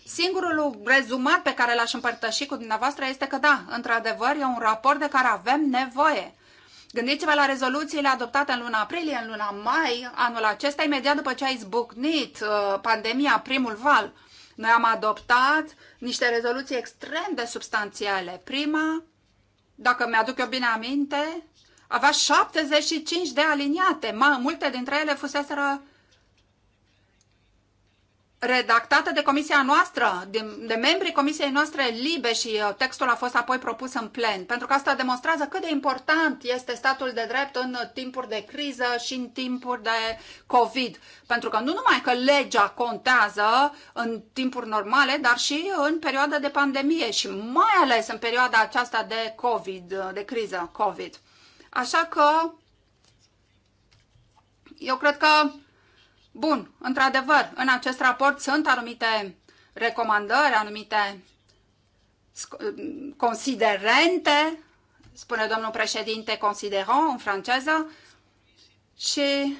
Singurul rezumat pe care l-aș împărtăși cu dumneavoastră este că da, într-adevăr e un raport de care avem nevoie. Gândiți-vă la rezoluțiile adoptate în luna aprilie, în luna mai, anul acesta, imediat după ce a izbucnit uh, pandemia, primul val. Noi am adoptat niște rezoluții extrem de substanțiale. Prima, dacă mi-aduc eu bine aminte, avea 75 de aliniate. Ma, multe dintre ele fuseseră redactată de comisia noastră, de, de membrii comisiei noastre libe și uh, textul a fost apoi propus în plen, pentru că asta demonstrează cât de important este statul de drept în timpuri de criză și în timpuri de COVID. Pentru că nu numai că legea contează în timpuri normale, dar și în perioada de pandemie și mai ales în perioada aceasta de COVID, uh, de criză COVID. Așa că eu cred că Bun, într-adevăr, în acest raport sunt anumite recomandări, anumite considerente, spune domnul președinte, considerant în franceză, și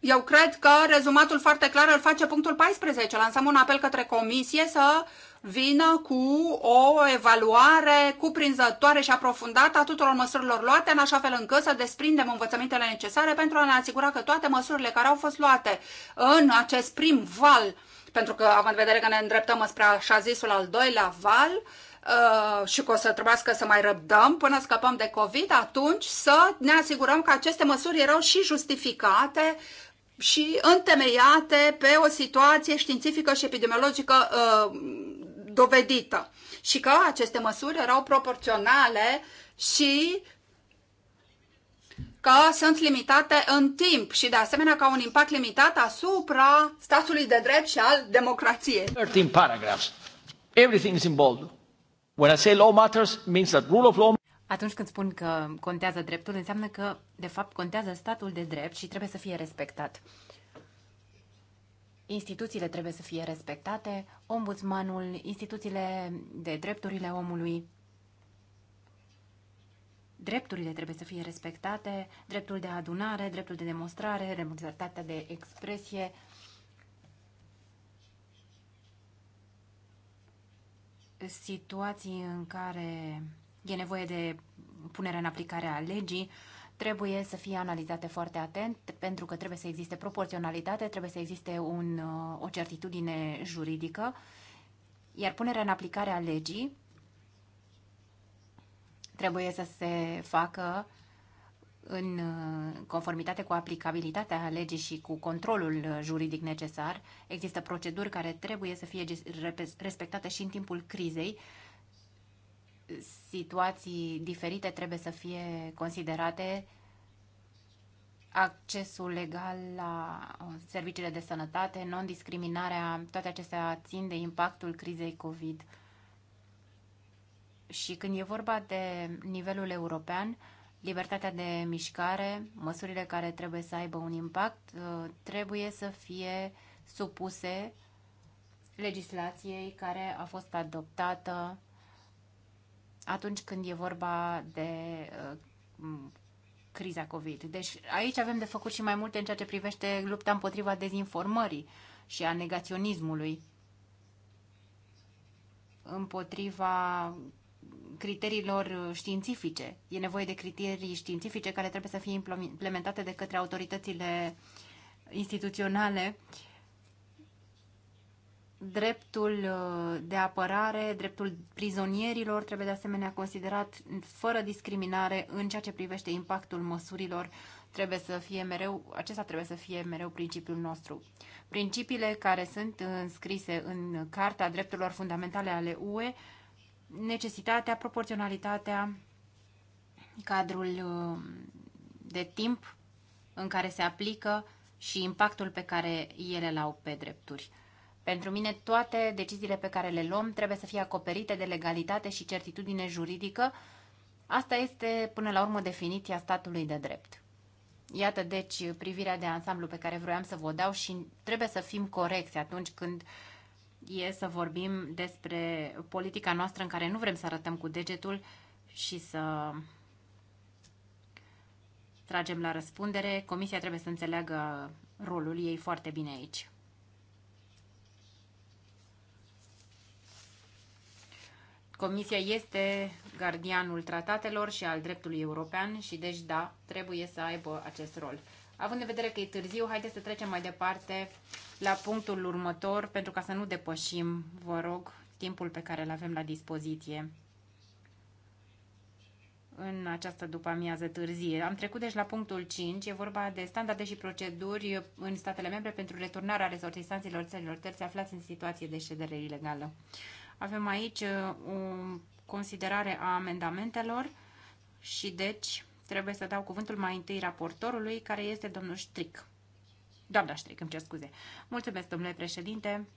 eu cred că rezumatul foarte clar îl face punctul 14. Lansăm un apel către comisie să vină cu o evaluare cuprinzătoare și aprofundată a tuturor măsurilor luate, în așa fel încât să desprindem învățămintele necesare pentru a ne asigura că toate măsurile care au fost luate în acest prim val, pentru că având în vedere că ne îndreptăm spre așa zisul al doilea val, uh, și că o să trebuiască să mai răbdăm până scăpăm de COVID, atunci să ne asigurăm că aceste măsuri erau și justificate și întemeiate pe o situație științifică și epidemiologică uh, dovedită și că aceste măsuri erau proporționale și că sunt limitate în timp și de asemenea că au un impact limitat asupra statului de drept și al democrației. 13 paragraphs. Everything is in bold. When I say law matters means that rule of law atunci când spun că contează dreptul, înseamnă că, de fapt, contează statul de drept și trebuie să fie respectat instituțiile trebuie să fie respectate, ombudsmanul, instituțiile de drepturile omului, drepturile trebuie să fie respectate, dreptul de adunare, dreptul de demonstrare, libertatea de expresie. Situații în care e nevoie de punerea în aplicare a legii, trebuie să fie analizate foarte atent, pentru că trebuie să existe proporționalitate, trebuie să existe un, uh, o certitudine juridică, iar punerea în aplicare a legii trebuie să se facă în uh, conformitate cu aplicabilitatea legii și cu controlul juridic necesar. Există proceduri care trebuie să fie respectate și în timpul crizei, situații diferite trebuie să fie considerate accesul legal la serviciile de sănătate, non-discriminarea, toate acestea țin de impactul crizei COVID. Și când e vorba de nivelul european, libertatea de mișcare, măsurile care trebuie să aibă un impact, uh, trebuie să fie supuse legislației care a fost adoptată atunci când e vorba de uh, criza COVID. Deci aici avem de făcut și mai multe în ceea ce privește lupta împotriva dezinformării și a negaționismului, împotriva criteriilor științifice. E nevoie de criterii științifice care trebuie să fie implementate de către autoritățile instituționale uh, Dreptul uh, de apărare, dreptul prizonierilor trebuie de asemenea considerat fără discriminare în ceea ce privește impactul măsurilor. Trebuie să fie mereu, acesta trebuie să fie mereu principiul nostru. Principiile care sunt înscrise în Carta Drepturilor Fundamentale ale UE, necesitatea, proporționalitatea, cadrul uh, de timp în care se aplică și impactul pe care ele l-au pe drepturi. Pentru mine toate deciziile pe care le luăm trebuie să fie acoperite de legalitate și certitudine juridică. Asta este până la urmă definiția statului de drept. Iată deci privirea de ansamblu pe care vroiam să vă dau și trebuie să fim corecți atunci când e să vorbim despre politica noastră în care nu vrem să arătăm cu degetul și să tragem la răspundere. Comisia trebuie să înțeleagă rolul ei foarte bine aici. Comisia este gardianul tratatelor și al dreptului european și deci, da, trebuie să aibă acest rol. Având în vedere că e târziu, haideți să trecem mai departe la punctul următor, pentru ca să nu depășim, vă rog, timpul pe care îl avem la dispoziție în această după-amiază târzie. Am trecut deci la punctul 5, e vorba de standarde și proceduri în statele membre pentru returnarea resortisanților țărilor terți aflați în situație de ședere ilegală. Avem aici uh, o considerare a amendamentelor și deci trebuie să dau cuvântul mai întâi raportorului, care este domnul Stric. Doamna Stric, îmi cer scuze. Mulțumesc, domnule președinte.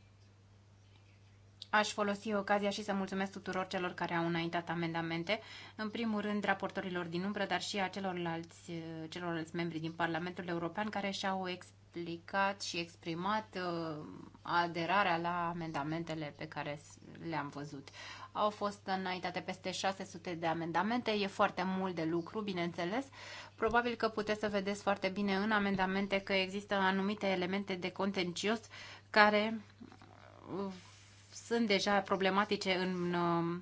Aș folosi ocazia și să mulțumesc tuturor celor care au înaintat amendamente, în primul rând raportorilor din umbră, dar și a celorlalți, uh, celorlalți membri din Parlamentul European care și-au exprimat explicat și exprimat uh, aderarea la amendamentele pe care le-am văzut. Au fost înaintate peste 600 de amendamente, e foarte mult de lucru, bineînțeles. Probabil că puteți să vedeți foarte bine în amendamente că există anumite elemente de contencios care uh, sunt deja problematice în uh,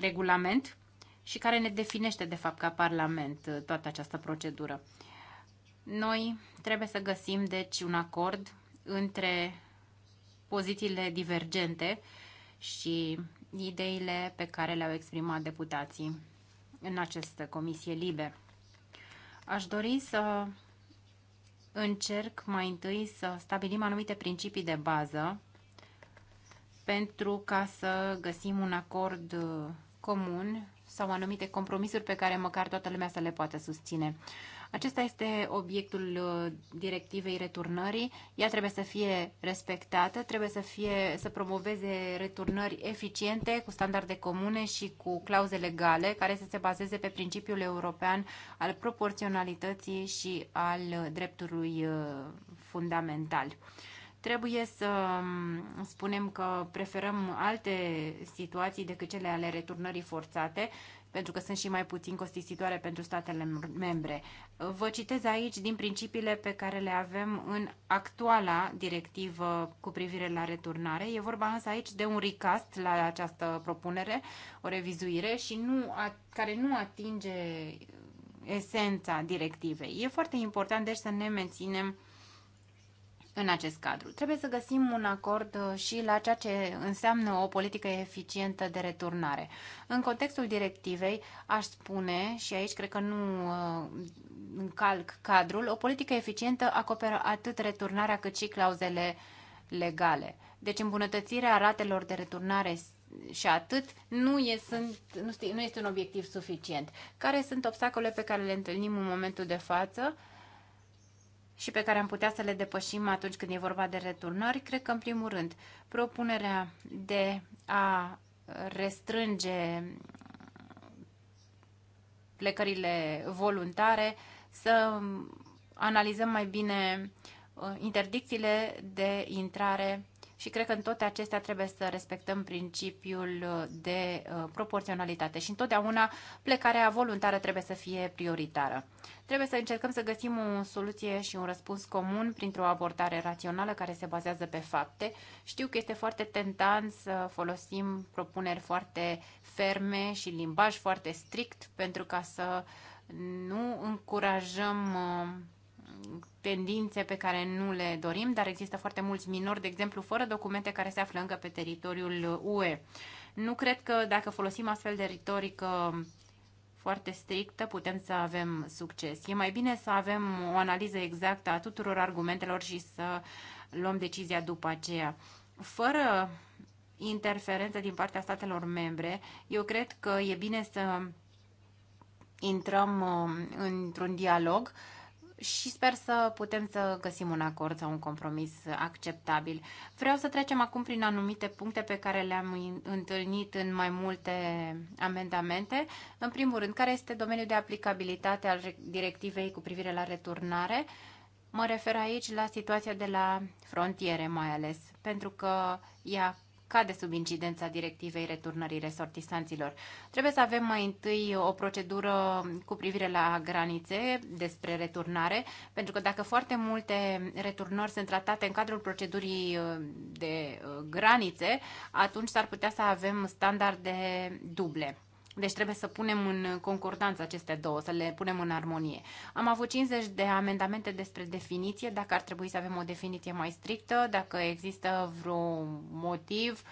regulament și care ne definește, de fapt, ca Parlament toată această procedură. Noi trebuie să găsim, deci, un acord între pozițiile divergente și ideile pe care le-au exprimat deputații în această comisie liber. Aș dori să încerc mai întâi să stabilim anumite principii de bază pentru ca să găsim un acord uh, comun sau anumite compromisuri pe care măcar toată lumea să le poată susține. Acesta este obiectul uh, directivei returnării. Ea trebuie să fie respectată, trebuie să, fie, să promoveze returnări eficiente cu standarde comune și cu clauze legale care să se bazeze pe principiul european al proporționalității și al dreptului uh, fundamental. Trebuie să mm, spunem că preferăm alte situații decât cele ale returnării forțate, pentru că sunt și mai puțin costisitoare pentru statele membre. Vă citez aici din principiile pe care le avem în actuala directivă cu privire la returnare. E vorba însă aici de un recast la această propunere, o revizuire și nu a, care nu atinge uh, esența directivei. E foarte important deci să ne menținem în acest cadru. Trebuie să găsim un acord uh, și la ceea ce înseamnă o politică eficientă de returnare. În contextul directivei, aș spune, și aici cred că nu uh, încalc cadrul, o politică eficientă acoperă atât returnarea cât și clauzele legale. Deci îmbunătățirea ratelor de returnare și atât nu, e, sunt, nu, nu este un obiectiv suficient. Care sunt obstacole pe care le întâlnim în momentul de față? Uh, și pe care am putea să le depășim atunci când e vorba de returnări, cred că, în primul rând, propunerea de a restrânge plecările voluntare, să analizăm mai bine uh, interdicțiile de intrare și cred că în toate acestea trebuie să respectăm principiul de uh, proporționalitate și întotdeauna plecarea voluntară trebuie să fie prioritară. Trebuie să încercăm să găsim o soluție și un răspuns comun printr-o abordare rațională care se bazează pe fapte. Știu că este foarte tentant să folosim propuneri foarte ferme și limbaj foarte strict pentru ca să nu încurajăm uh, tendințe pe care nu le dorim, dar există foarte mulți minori, de exemplu, fără documente care se află încă pe teritoriul UE. Nu cred că dacă folosim astfel de retorică foarte strictă, putem să avem succes. E mai bine să avem o analiză exactă a tuturor argumentelor și să luăm decizia după aceea. Fără interferență din partea statelor membre, eu cred că e bine să intrăm uh, într-un dialog și sper să putem să găsim un acord sau un compromis acceptabil. Vreau să trecem acum prin anumite puncte pe care le-am întâlnit în mai multe amendamente. În primul rând, care este domeniul de aplicabilitate al directivei cu privire la returnare? Mă refer aici la situația de la frontiere mai ales, pentru că ea cade sub incidența directivei returnării resortisanților. Trebuie să avem mai întâi o procedură cu privire la granițe despre returnare, pentru că dacă foarte multe returnări sunt tratate în cadrul procedurii uh, de uh, granițe, atunci s-ar putea să avem standarde duble. Deci trebuie să punem în concordanță aceste două, să le punem în armonie. Am avut 50 de amendamente despre definiție, dacă ar trebui să avem o definiție mai strictă, dacă există vreun motiv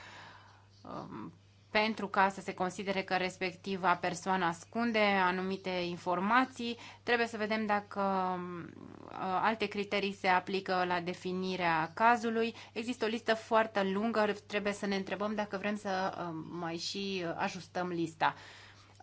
um, pentru ca să se considere că respectiva persoană ascunde anumite informații. Trebuie să vedem dacă mm, uh, alte criterii se aplică la definirea cazului. Există o listă foarte lungă, trebuie să ne întrebăm dacă vrem să uh, mai și uh, ajustăm lista.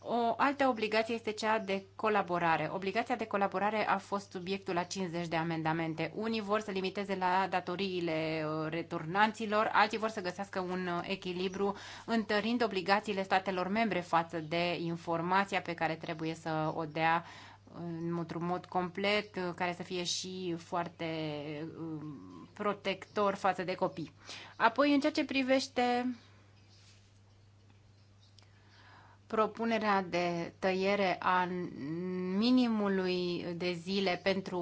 O altă obligație este cea de colaborare. Obligația de colaborare a fost subiectul la 50 de amendamente. Unii vor să limiteze la datoriile uh, returnanților, alții vor să găsească un uh, echilibru întărind obligațiile statelor membre față de informația pe care trebuie să o dea uh, într-un mod complet, care să fie și foarte protector față de copii. Apoi, în ceea ce privește propunerea de tăiere a minimului de zile pentru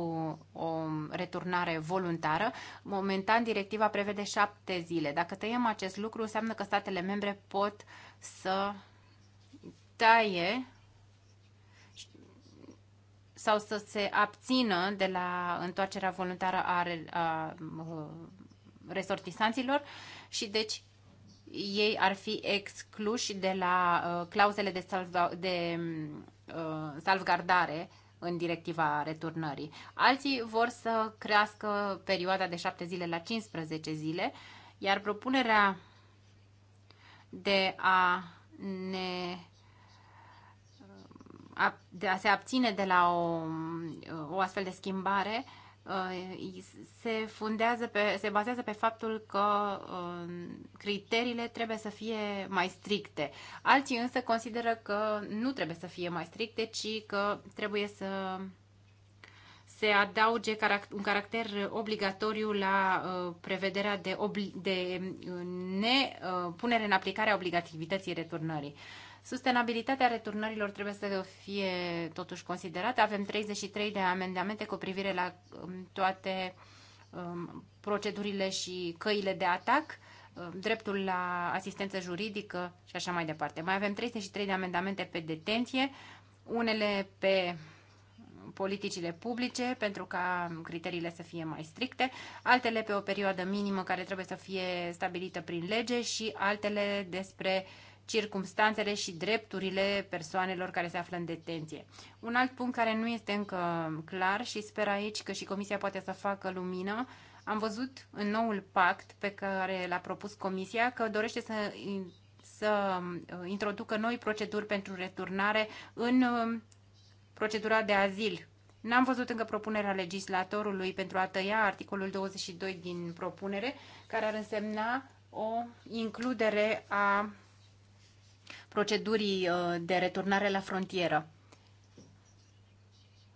o returnare voluntară. Momentan, directiva prevede șapte zile. Dacă tăiem acest lucru, înseamnă că statele membre pot să taie sau să se abțină de la întoarcerea voluntară a, uh, resortisanților și deci ei ar fi excluși de la uh, clauzele de, salv- de uh, salvgardare în directiva returnării. Alții vor să crească perioada de 7 zile la 15 zile, iar propunerea de a ne a, de a se abține de la o, o astfel de schimbare uh, Uh, se fundează pe, se bazează pe faptul că uh, criteriile trebuie să fie mai stricte. Alții însă consideră că nu trebuie să fie mai stricte, ci că trebuie să se adauge un caracter obligatoriu la uh, prevederea de, obli- de nepunere în aplicare a obligativității returnării. Sustenabilitatea returnărilor trebuie să fie totuși considerată. Avem 33 de amendamente cu privire la um, toate um, procedurile și căile de atac um, dreptul la asistență juridică și așa mai departe. Mai avem 33 de amendamente pe detenție, unele pe politicile publice pentru ca criteriile să fie mai stricte, altele pe o perioadă minimă care trebuie să fie stabilită prin lege și altele despre uh, circumstanțele și drepturile persoanelor care se află în detenție. Un alt punct care nu este încă clar și sper aici că și Comisia poate să facă lumină, am văzut în noul pact pe care l-a propus Comisia că dorește să, să uh, introducă noi proceduri pentru returnare în um, procedura de azil N-am văzut încă propunerea legislatorului pentru a tăia articolul 22 din propunere, care ar însemna o includere a procedurii uh, de returnare la frontieră.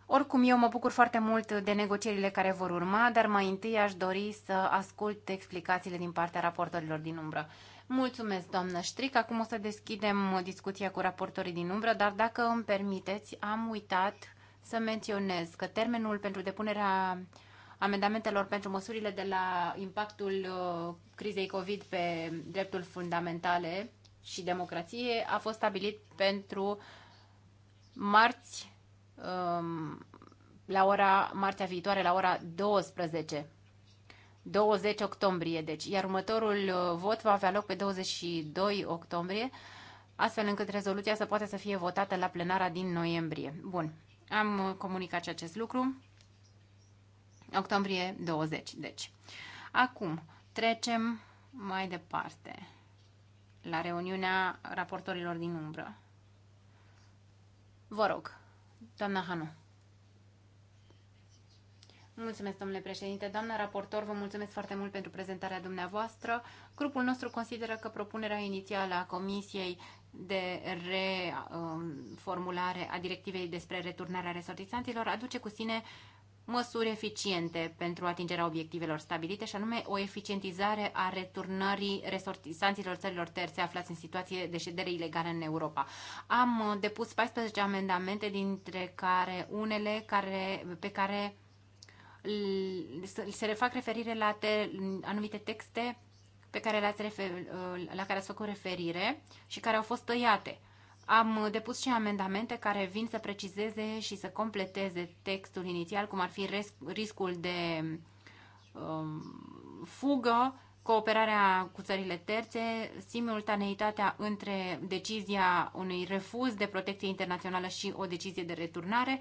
Oricum, eu mă bucur foarte mult de negocierile care vor urma, dar mai întâi aș dori să ascult explicațiile din partea raportorilor din umbră. Mulțumesc, doamnă Stric. Acum o să deschidem discuția cu raportorii din umbră, dar dacă îmi permiteți, am uitat să menționez că termenul pentru depunerea amendamentelor pentru măsurile de la impactul uh, crizei COVID pe dreptul fundamentale și democrație a fost stabilit pentru marți, um, la ora, marțea viitoare, la ora 12. 20 octombrie, deci, iar următorul uh, vot va avea loc pe 22 octombrie, astfel încât rezoluția să poată să fie votată la plenara din noiembrie. Bun, am uh, comunicat și acest lucru. Octombrie 20, deci. Acum, trecem mai departe la reuniunea raportorilor din umbră. Vă rog, doamna Hanu. Mulțumesc, domnule președinte. Doamna raportor, vă mulțumesc foarte mult pentru prezentarea dumneavoastră. Grupul nostru consideră că propunerea inițială a Comisiei de reformulare a directivei despre returnarea resortizanților aduce cu sine măsuri eficiente pentru atingerea obiectivelor stabilite, și anume o eficientizare a returnării resortisanților țărilor terțe aflați în situație de ședere ilegală în Europa. Am uh, depus 14 amendamente, dintre care unele care, pe care se refac referire la te, anumite texte pe care le-ați refer, uh, la care ați făcut referire și care au fost tăiate. Am depus și amendamente care vin să precizeze și să completeze textul inițial, cum ar fi riscul de um, fugă, cooperarea cu țările terțe, simultaneitatea între decizia unui refuz de protecție internațională și o decizie de returnare,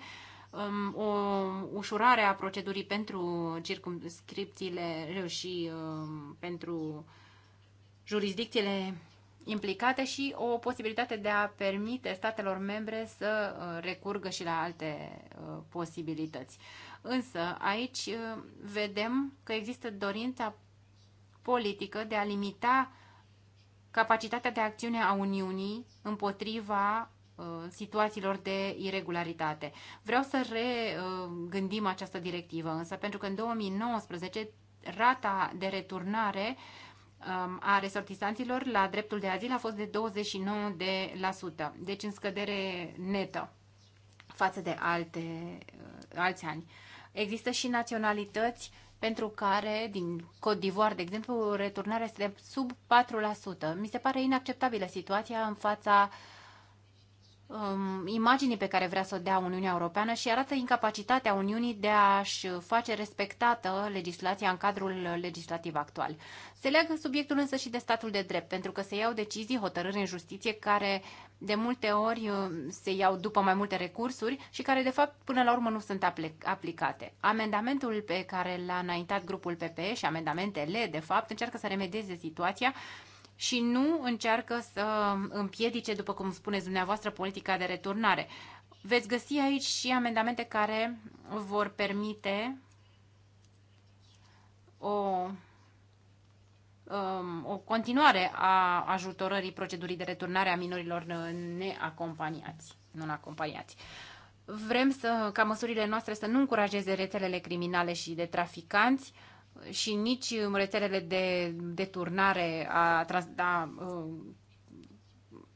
um, o ușurare a procedurii pentru circumscripțiile și um, pentru jurisdicțiile implicate și o posibilitate de a permite statelor membre să uh, recurgă și la alte uh, posibilități. Însă aici uh, vedem că există dorința politică de a limita capacitatea de acțiune a Uniunii împotriva situațiilor de irregularitate. Vreau să regândim această directivă, însă pentru că în 2019 rata de returnare uh, Um, a resortisanților la dreptul de azil a fost de 29%, deci în scădere netă față de alte, uh, alți ani. Există și naționalități pentru care, din Côte d'Ivoire, de exemplu, returnarea este sub 4%. Mi se pare inacceptabilă situația în fața uh, Um, imaginii pe care vrea să o dea Uniunea Europeană și arată incapacitatea Uniunii de a-și face respectată legislația în cadrul legislativ actual. Se leagă subiectul însă și de statul de drept, pentru că se iau decizii, hotărâri în justiție care de multe ori uh, se iau după mai multe recursuri și care de fapt până la urmă nu sunt aplicate. Amendamentul pe care l-a înaintat grupul PPE și amendamentele de fapt încearcă să remedieze situația uh, și nu încearcă să împiedice, după cum spuneți dumneavoastră, politica de returnare. Veți găsi aici și amendamente care vor permite o um, o continuare a ajutorării procedurii de returnare a minorilor neacompaniați, non-acompaniați. Vrem să, ca măsurile noastre să nu încurajeze rețelele criminale și de traficanți și nici rețelele de deturnare a, trans, a, uh,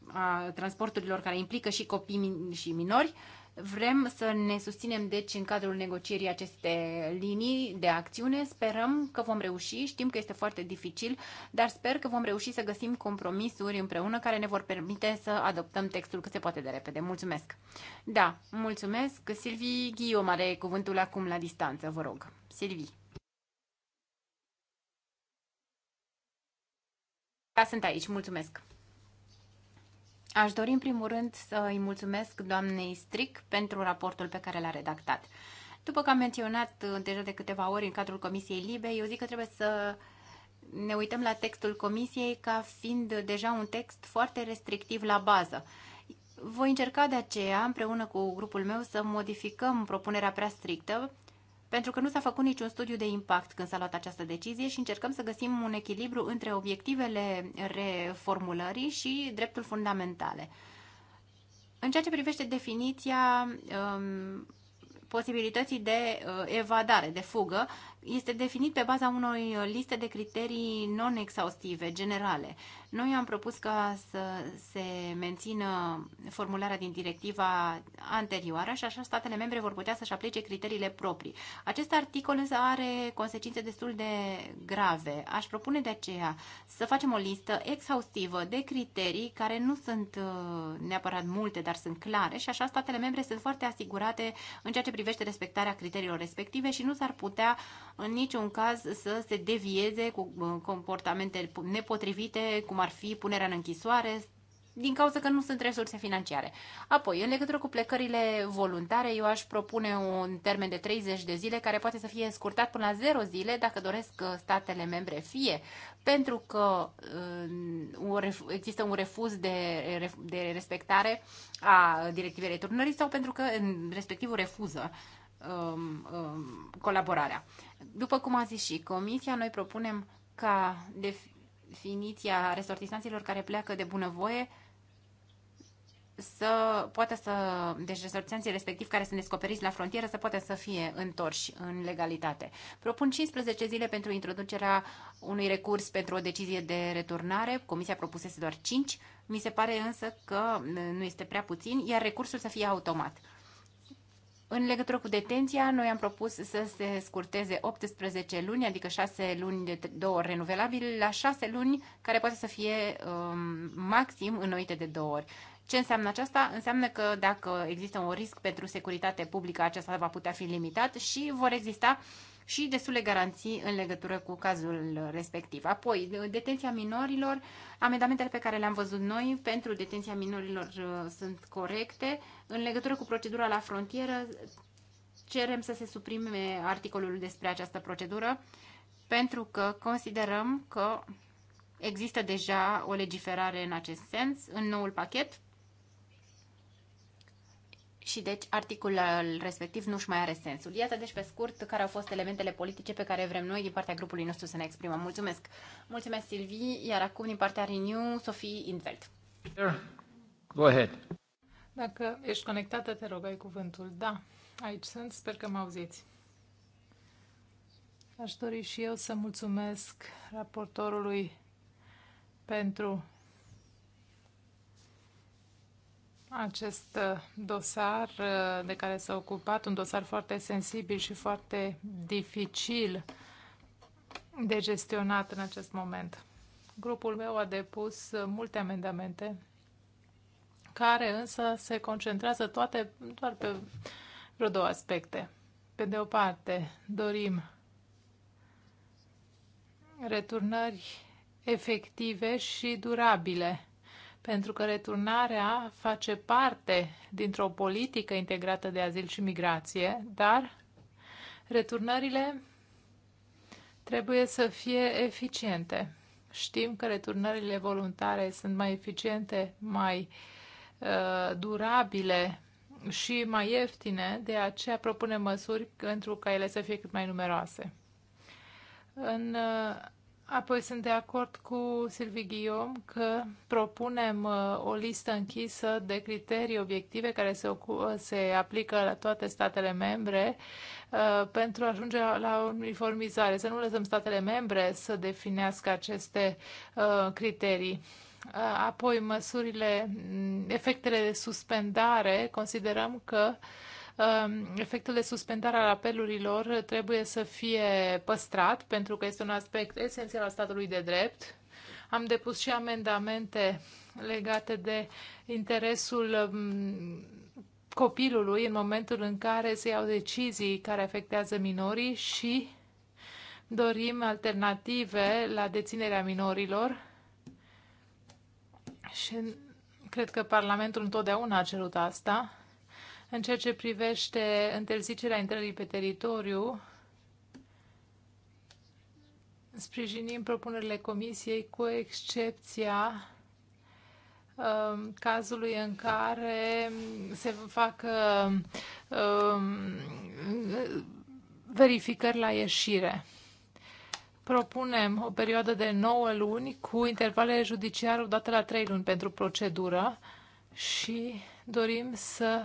a transporturilor care implică și copii și minori. Vrem să ne susținem, deci, în cadrul negocierii aceste linii de acțiune. Sperăm că vom reuși, știm că este foarte dificil, dar sper că vom reuși să găsim compromisuri împreună care ne vor permite să adoptăm textul cât se poate de repede. Mulțumesc! Da, mulțumesc! Silvii Ghiom are cuvântul acum la distanță, vă rog. Silvii. Da, sunt aici. Mulțumesc. Aș dori în primul rând să îi mulțumesc doamnei Stric pentru raportul pe care l-a redactat. După că am menționat uh, deja de câteva ori în cadrul Comisiei Libe, eu zic că trebuie să ne uităm la textul Comisiei ca fiind deja un text foarte restrictiv la bază. Voi încerca de aceea, împreună cu grupul meu, să modificăm propunerea prea strictă pentru că nu s-a făcut niciun studiu de impact când s-a luat această decizie și încercăm să găsim un echilibru între obiectivele reformulării și dreptul fundamentale. În ceea ce privește definiția um, posibilității de uh, evadare, de fugă, este definit pe baza unei liste de criterii non-exhaustive, generale. Noi am propus ca să se mențină formularea din directiva anterioară și așa statele membre vor putea să-și aplice criteriile proprii. Acest articol însă are consecințe destul de grave. Aș propune de aceea să facem o listă exhaustivă de criterii care nu sunt uh, neapărat multe, dar sunt clare și așa statele membre sunt foarte asigurate în ceea ce privește respectarea criteriilor respective și nu s-ar putea în niciun caz să se devieze cu uh, comportamente nepotrivite, cum ar fi punerea în închisoare, din cauza că nu sunt resurse financiare. Apoi, în legătură cu plecările voluntare, eu aș propune un termen de 30 de zile care poate să fie scurtat până la 0 zile dacă doresc uh, statele membre fie pentru că uh, există un refuz de, de respectare a directivei returnării sau pentru că respectivul refuză um, um, colaborarea. După cum a zis și Comisia, noi propunem ca definiția resortisanților care pleacă de bunăvoie să poată să, deci resortisanții respectiv care sunt descoperiți la frontieră să poată să fie întorși în legalitate. Propun 15 zile pentru introducerea unui recurs pentru o decizie de returnare. Comisia propusese doar 5. Mi se pare însă că uh, nu este prea puțin, iar recursul să fie automat. În legătură cu detenția, noi am propus să se scurteze 18 luni, adică 6 luni de două ori renovelabil, la 6 luni, care poate să fie um, maxim înnoite de două ori. Ce înseamnă aceasta? Înseamnă că dacă există un risc pentru securitate publică, acesta va putea fi limitat și vor exista uh, și destule garanții în legătură cu cazul respectiv. Apoi, detenția minorilor, amendamentele pe care le-am văzut noi pentru detenția minorilor uh, sunt corecte. În legătură cu procedura la frontieră, cerem să se suprime articolul despre această procedură pentru că considerăm că există deja o legiferare în acest sens în noul pachet și deci articolul respectiv nu-și mai are sensul. Iată deci pe scurt care au fost elementele politice pe care vrem noi din partea grupului nostru să ne exprimăm. Mulțumesc! Mulțumesc, Silvii, iar acum din partea Renew, Sofie Invelt. Go ahead. Dacă ești conectată, te rog, ai cuvântul. Da, aici sunt, sper că mă auziți. Aș dori și eu să mulțumesc raportorului pentru acest uh, dosar uh, de care s-a ocupat, un dosar foarte sensibil și foarte dificil de gestionat în acest moment. Grupul meu a depus uh, multe amendamente care însă se concentrează toate doar pe vreo două aspecte. Pe de o parte, dorim returnări efective și durabile pentru că returnarea face parte dintr-o politică integrată de azil și migrație, dar returnările trebuie să fie eficiente. Știm că returnările voluntare sunt mai eficiente, mai uh, durabile și mai ieftine, de aceea propunem măsuri pentru ca ele să fie cât mai numeroase. În uh, Apoi sunt de acord cu Silvi Ghiom că propunem uh, o listă închisă de criterii obiective care se, uh, se aplică la toate statele membre uh, pentru a ajunge la uniformizare. Să nu lăsăm statele membre să definească aceste criterii. Apoi măsurile, efectele de suspendare, considerăm că uh, Ehm, Efectul de suspendare al apelurilor trebuie să fie păstrat pentru că este un aspect esențial al statului de drept. Am depus și amendamente legate de interesul mm, copilului în momentul în care se iau decizii care afectează minorii și dorim alternative la deținerea minorilor și cred că Parlamentul întotdeauna a cerut asta. În ceea ce privește interzicerea intrării pe teritoriu, sprijinim propunerile Comisiei cu excepția um, cazului în care se fac um, verificări la ieșire. Propunem o perioadă de 9 luni cu intervale judiciare odată la 3 luni pentru procedură și dorim să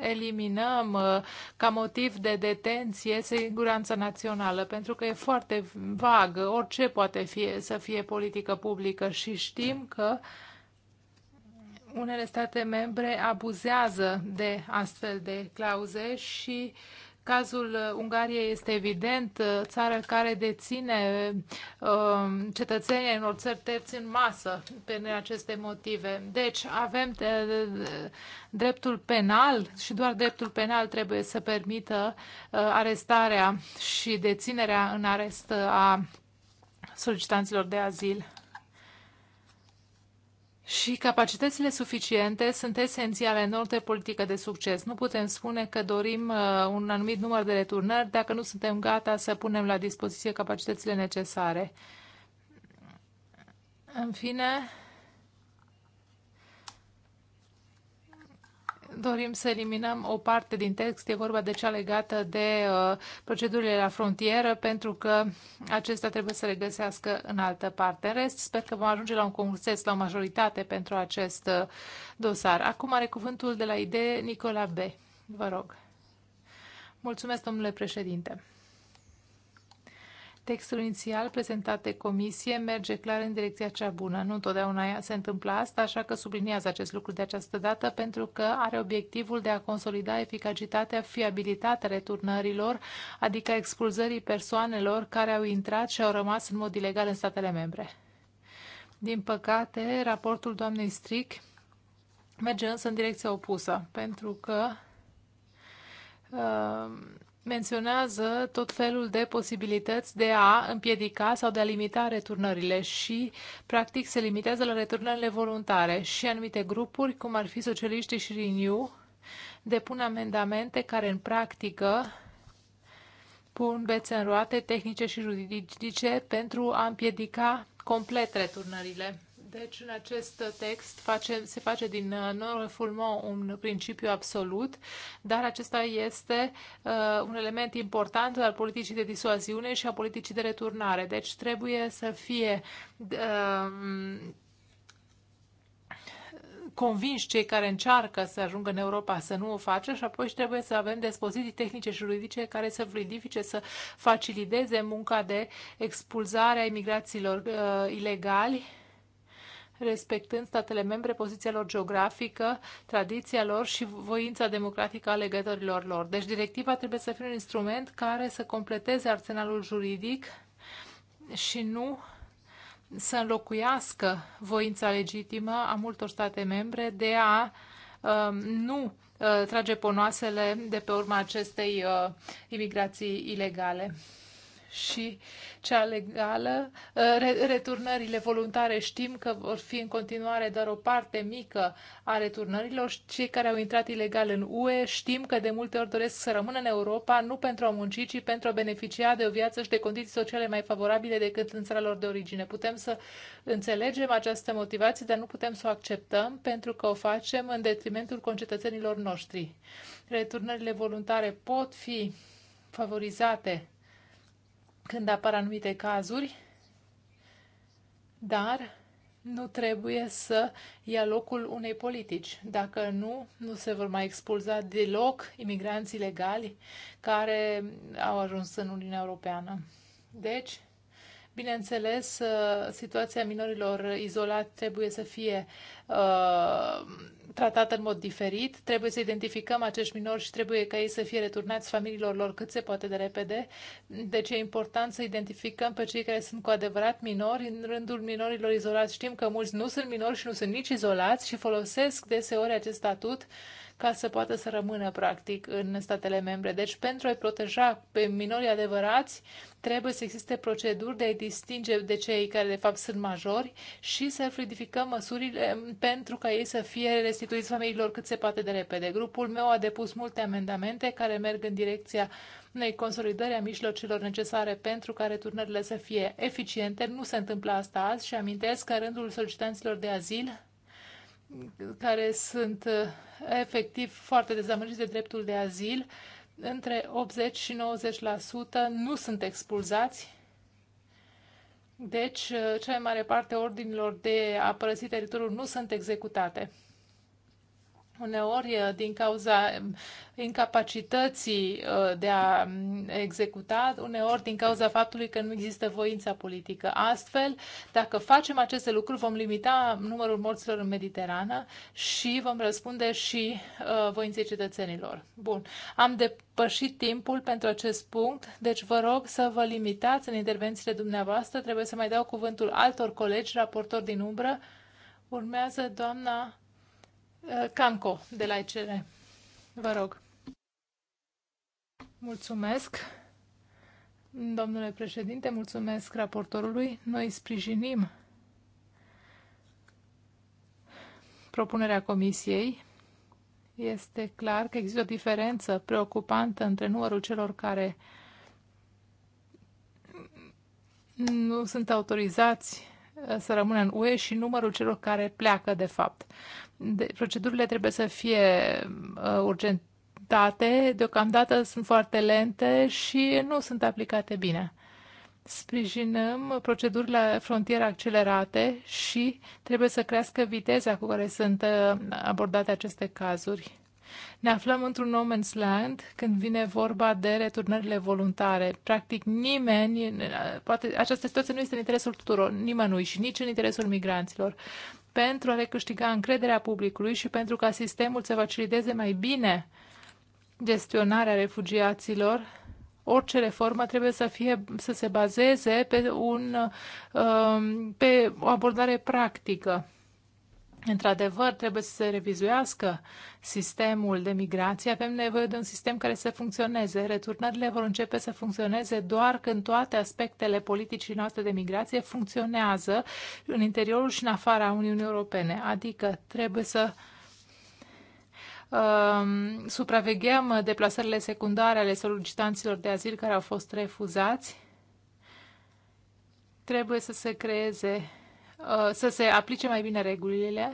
eliminăm uh, ca motiv de detenție siguranța națională, pentru că e foarte vag, orice poate fi, să fie politică publică și știm că unele state membre abuzează de astfel de clauze și uh, Cazul uh, Ungariei este evident, uh, țară care deține um, cetățenii unor țări terți în masă pentru aceste motive. Deci avem uh, dreptul penal și doar dreptul penal trebuie să permită arestarea și deținerea în arest a solicitanților de azil. Și capacitățile suficiente sunt esențiale în orice politică de succes. Nu putem spune că dorim uh, un anumit număr de returnări dacă nu suntem gata să punem la dispoziție capacitățile necesare. În fine, dorim să eliminăm o parte din text, e vorba de cea legată de uh, procedurile la frontieră, pentru că acesta trebuie să le găsească în altă parte. În rest, sper că vom ajunge la un consens, la o majoritate pentru acest uh, dosar. Acum are cuvântul de la idee Nicola B. Vă rog. Mulțumesc, domnule președinte. Textul inițial prezentat de comisie merge clar în direcția cea bună. Nu întotdeauna se întâmplă asta, așa că subliniază acest lucru de această dată pentru că are obiectivul de a consolida eficacitatea, fiabilitatea returnărilor, adică expulzării persoanelor care au intrat și au rămas în mod ilegal în statele membre. Din păcate, raportul doamnei Stric merge însă în direcția opusă, pentru că uh, menționează tot felul de posibilități de a împiedica sau de a limita returnările și, practic, se limitează la returnările voluntare și anumite grupuri, cum ar fi socialiștii și Renew, depun amendamente care, în practică, pun bețe în roate tehnice și juridice pentru a împiedica complet returnările. Deci, în acest text face, se face din uh, non-refoulement un principiu absolut, dar acesta este uh, un element important al politicii de disuaziune și a politicii de returnare. Deci, trebuie să fie uh, convinși cei care încearcă să ajungă în Europa să nu o facă și apoi trebuie să avem dispoziții tehnice și juridice care să fluidifice, să faciliteze munca de expulzare a imigrațiilor uh, ilegali respectând statele membre, poziția lor geografică, tradiția lor și voința democratică a legătorilor lor. Deci directiva trebuie să fie un instrument care să completeze arsenalul juridic și nu să înlocuiască voința legitimă a multor state membre de a um, nu uh, trage ponoasele de pe urma acestei uh, imigrații ilegale și cea legală. Uh, returnările voluntare știm că vor fi în continuare doar o parte mică a returnărilor. Cei care au intrat ilegal în UE știm că de multe ori doresc să rămână în Europa, nu pentru a munci, ci pentru a beneficia de o viață și de condiții sociale mai favorabile decât în țara lor de origine. Putem să înțelegem această motivație, dar nu putem să o acceptăm pentru că o facem în detrimentul concetățenilor noștri. Returnările voluntare pot fi favorizate când apar anumite cazuri, dar nu trebuie să ia locul unei politici. Dacă nu, nu se vor mai expulza deloc imigranți legali care au ajuns în Uniunea Europeană. Deci, bineînțeles, uh, situația minorilor izolate trebuie să fie uh, tratat în mod diferit. Trebuie să identificăm acești minori și trebuie ca ei să fie returnați familiilor lor cât se poate de repede. Deci e important să identificăm pe cei care sunt cu adevărat minori. În rândul minorilor izolați știm că mulți nu sunt minori și nu sunt nici izolați și folosesc deseori acest statut uh, ca să poată să rămână practic în statele membre. Deci pentru a-i proteja pe minorii adevărați trebuie să existe proceduri de a-i distinge de cei care de fapt sunt majori și să fluidificăm măsurile pentru ca ei să fie restituiți familiilor cât se poate de repede. Grupul meu a depus multe amendamente care merg în direcția unei consolidări a mijlocilor necesare pentru ca returnările să fie eficiente. Nu se întâmplă asta azi și amintesc că în rândul solicitanților de azil care sunt uh, efectiv foarte dezamăgiți de dreptul de azil, între 80 și 90% nu sunt expulzați. Deci, uh, cea mai mare parte ordinilor de a părăsi teritoriul nu sunt executate uneori uh, din cauza um, incapacității uh, de a um, executa, uneori din cauza faptului că nu există voința politică. Astfel, dacă facem aceste lucruri, vom limita numărul morților în Mediterană și vom răspunde și uh, voinței cetățenilor. Bun, am depășit timpul pentru acest punct, deci vă rog să vă limitați în intervențiile dumneavoastră. Trebuie să mai dau cuvântul altor colegi, raportori din umbră. Urmează doamna Eh, Canco de la ECR. Vă rog. Mulțumesc. Domnule președinte, mulțumesc raportorului. Noi sprijinim propunerea comisiei. Este clar că există o diferență preocupantă între numărul celor care nu sunt autorizați eh, să rămână în UE și numărul celor care pleacă, de fapt de, procedurile trebuie să fie uh, urgentate, deocamdată sunt foarte lente și nu sunt aplicate bine. Sprijinăm procedurile frontiere frontieră accelerate și trebuie să crească viteza cu care sunt uh, abordate aceste cazuri. Ne aflăm într-un no man's land când vine vorba de returnările voluntare. Practic nimeni, uh, poate această situație nu este în interesul tuturor, nimănui și nici în interesul migranților pentru a recâștiga încrederea publicului și pentru ca sistemul să facilideze mai bine gestionarea refugiaților, orice reformă trebuie să, fie, să se bazeze pe, un, um, pe o abordare practică. Într-adevăr, trebuie să se revizuiască sistemul de migrație. Avem nevoie de un sistem care să funcționeze. Returnările vor începe să funcționeze doar când toate aspectele politicii noastre de migrație funcționează în interiorul și în afara Uniunii Europene. Adică trebuie să um, supraveghem deplasările secundare ale solicitanților de azil care au fost refuzați. Trebuie să se creeze Uh, să se aplice mai bine regulile,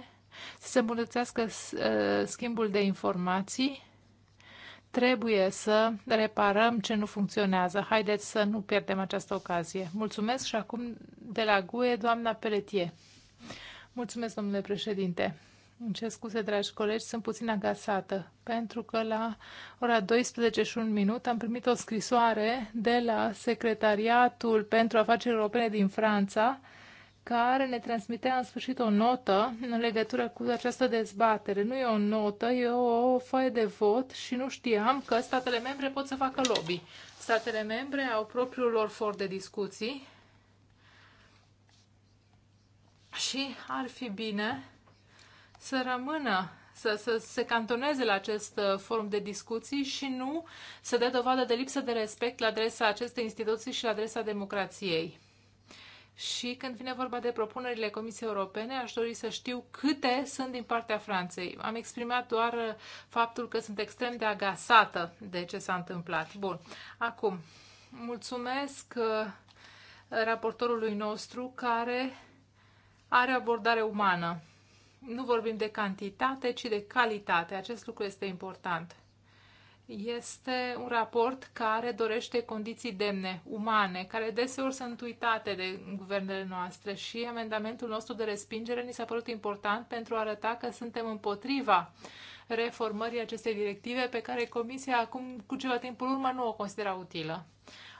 să se îmbunătățească uh, schimbul de informații. Trebuie să reparăm ce nu funcționează. Haideți să nu pierdem această ocazie. Mulțumesc și acum de la GUE, doamna Peletie. Mulțumesc, domnule președinte. Îmi cer scuze, dragi colegi, sunt puțin agasată, pentru că la ora 12 și un minut am primit o scrisoare de la Secretariatul pentru Afaceri Europene din Franța, care ne transmitea în sfârșit o notă în legătură cu această dezbatere. Nu e o notă, e o foaie de vot și nu știam că statele membre pot să facă lobby. Statele membre au propriul lor for de discuții și ar fi bine să rămână să, să se cantoneze la acest uh, forum de discuții și nu să dea dovadă de lipsă de respect la adresa acestei instituții și la adresa democrației și când vine vorba de propunerile Comisiei Europene, aș dori să știu câte sunt din partea Franței. Am exprimat doar uh, faptul că sunt extrem de agasată de ce s-a întâmplat. Bun. Acum, mulțumesc uh, raportorului nostru care are abordare umană. Nu vorbim de cantitate, ci de calitate. Acest lucru este important este un raport care dorește condiții demne, umane, care deseori sunt uitate de guvernele noastre și amendamentul nostru de respingere ni s-a părut important pentru a arăta că suntem împotriva reformării acestei directive pe care Comisia acum cu ceva timp în urmă nu o considera utilă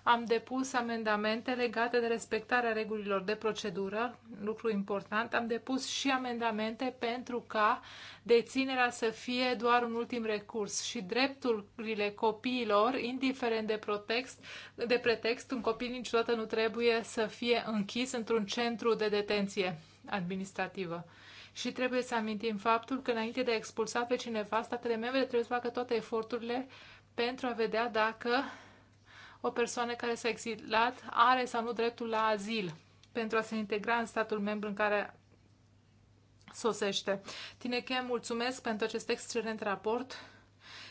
am depus amendamente legate de respectarea regulilor de procedură, lucru important. Am depus și amendamente pentru ca deținerea să fie doar un ultim recurs și drepturile copiilor, indiferent de, protext, de pretext, un copil niciodată nu trebuie să fie închis într-un centru de detenție administrativă. Și trebuie să amintim faptul că înainte de a expulsa pe cineva, statele membre trebuie să facă toate eforturile pentru a vedea dacă o persoană care s-a exilat are sau nu dreptul la azil pentru a se integra în statul membru în care sosește. Tineche, mulțumesc pentru acest excelent raport.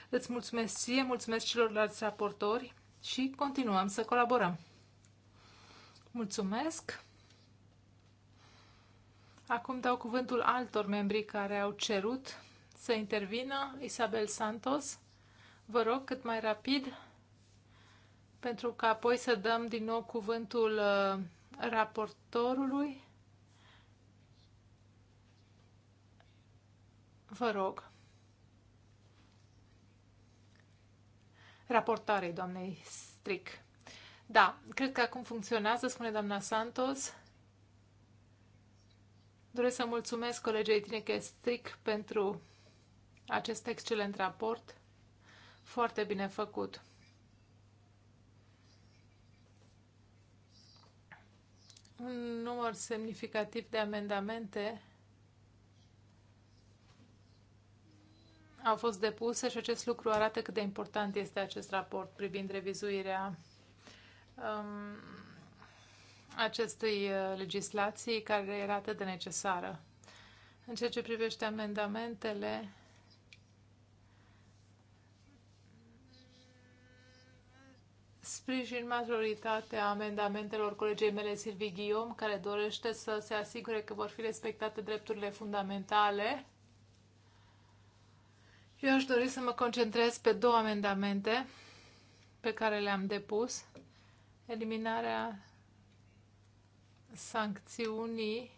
Îți mulțumesc ție, mulțumesc celorlalți raportori și continuăm să colaborăm. Mulțumesc! Acum dau cuvântul altor membri care au cerut să intervină. Isabel Santos, vă rog cât mai rapid pentru că apoi să dăm din nou cuvântul uh, raportorului. Vă rog. Raportare, doamnei Stric. Da, cred că acum funcționează, spune doamna Santos. Doresc să mulțumesc colegei că Stric pentru acest excelent raport. Foarte bine făcut. un număr semnificativ de amendamente au fost depuse și acest lucru arată cât de important este acest raport privind revizuirea um, acestei uh, legislații care era atât de necesară. În ceea ce privește amendamentele, Sprijin majoritatea amendamentelor colegei mele Silvii Ghiom, care dorește să se asigure că vor fi respectate drepturile fundamentale. Eu aș dori să mă concentrez pe două amendamente pe care le-am depus. Eliminarea sancțiunii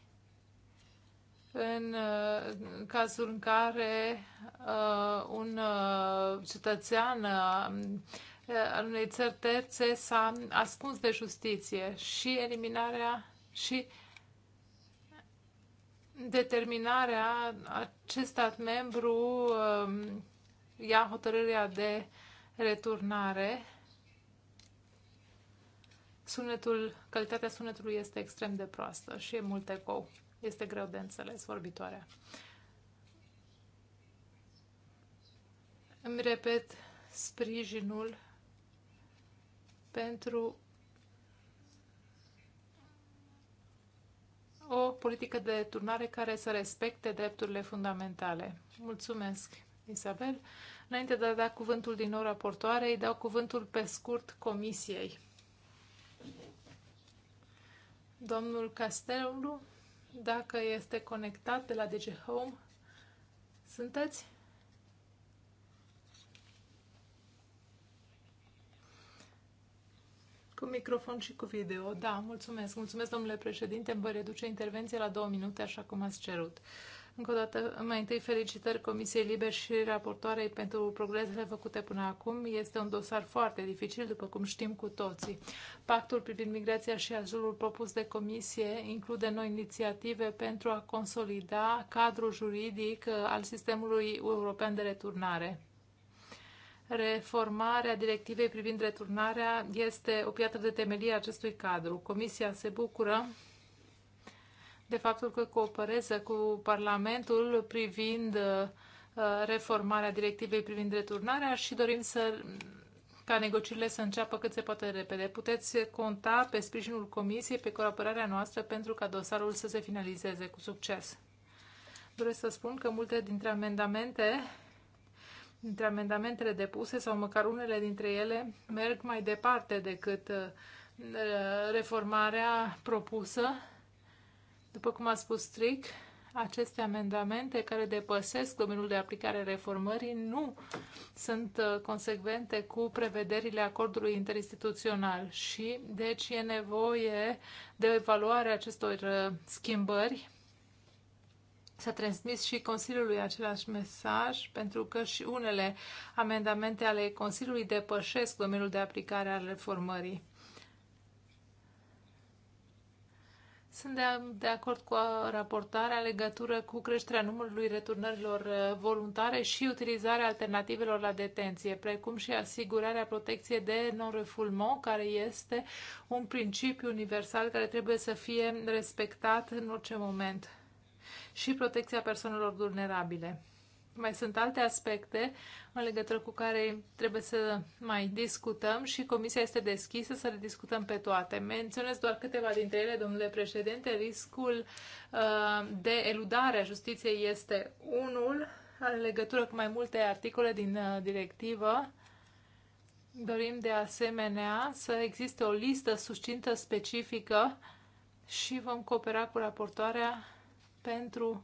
în uh, cazul în care uh, un uh, cetățean uh, Uh, al unei țări terțe s-a ascuns de justiție și eliminarea și determinarea acest stat membru um, ia hotărârea de returnare. Sunetul, calitatea sunetului este extrem de proastă și e mult ecou. Este greu de înțeles vorbitoarea. Îmi repet sprijinul pentru o politică de turnare care să respecte drepturile fundamentale. Mulțumesc, Isabel. Înainte de a da cuvântul din nou îi dau cuvântul pe scurt comisiei. Domnul Castelru, dacă este conectat de la DG Home, sunteți? Cu microfon și cu video. Da, mulțumesc. Mulțumesc, domnule președinte. Vă reduce intervenția la două minute, așa cum ați cerut. Încă o dată, mai întâi felicitări Comisiei Liber și raportoarei pentru progresele făcute până acum. Este un dosar foarte dificil, după cum știm cu toții. Pactul privind migrația și azulul propus de Comisie include noi inițiative pentru a consolida cadrul juridic uh, al sistemului european de returnare Reformarea directivei privind returnarea este o piatră de temelie a acestui cadru. Comisia se bucură de faptul că cooperează cu Parlamentul privind uh, reformarea directivei privind returnarea și dorim să ca negocierile să înceapă cât se poate de repede. Puteți conta pe sprijinul Comisiei, pe colaborarea noastră pentru ca dosarul să se finalizeze cu succes. Doresc să spun că multe dintre amendamente dintre amendamentele depuse sau măcar unele dintre ele merg mai departe decât uh, reformarea propusă. După cum a spus Strick, aceste amendamente care depăsesc domeniul de aplicare reformării nu sunt uh, consecvente cu prevederile acordului interinstituțional și deci e nevoie de evaluare acestor uh, schimbări s-a transmis și Consiliului același mesaj, pentru că și unele amendamente ale Consiliului depășesc domeniul de aplicare al reformării. Sunt de, de acord cu raportarea legătură cu creșterea numărului returnărilor uh, voluntare și utilizarea alternativelor la detenție, precum și asigurarea protecției de non-refoulement, care este un principiu universal care trebuie să fie respectat în orice moment și protecția persoanelor vulnerabile. Mai sunt alte aspecte în legătură cu care trebuie să mai discutăm și comisia este deschisă să le discutăm pe toate. Menționez doar câteva dintre ele, domnule președinte. Riscul uh, de eludare a justiției este unul în legătură cu mai multe articole din uh, directivă. Dorim de asemenea să existe o listă suscintă specifică și vom coopera cu raportoarea pentru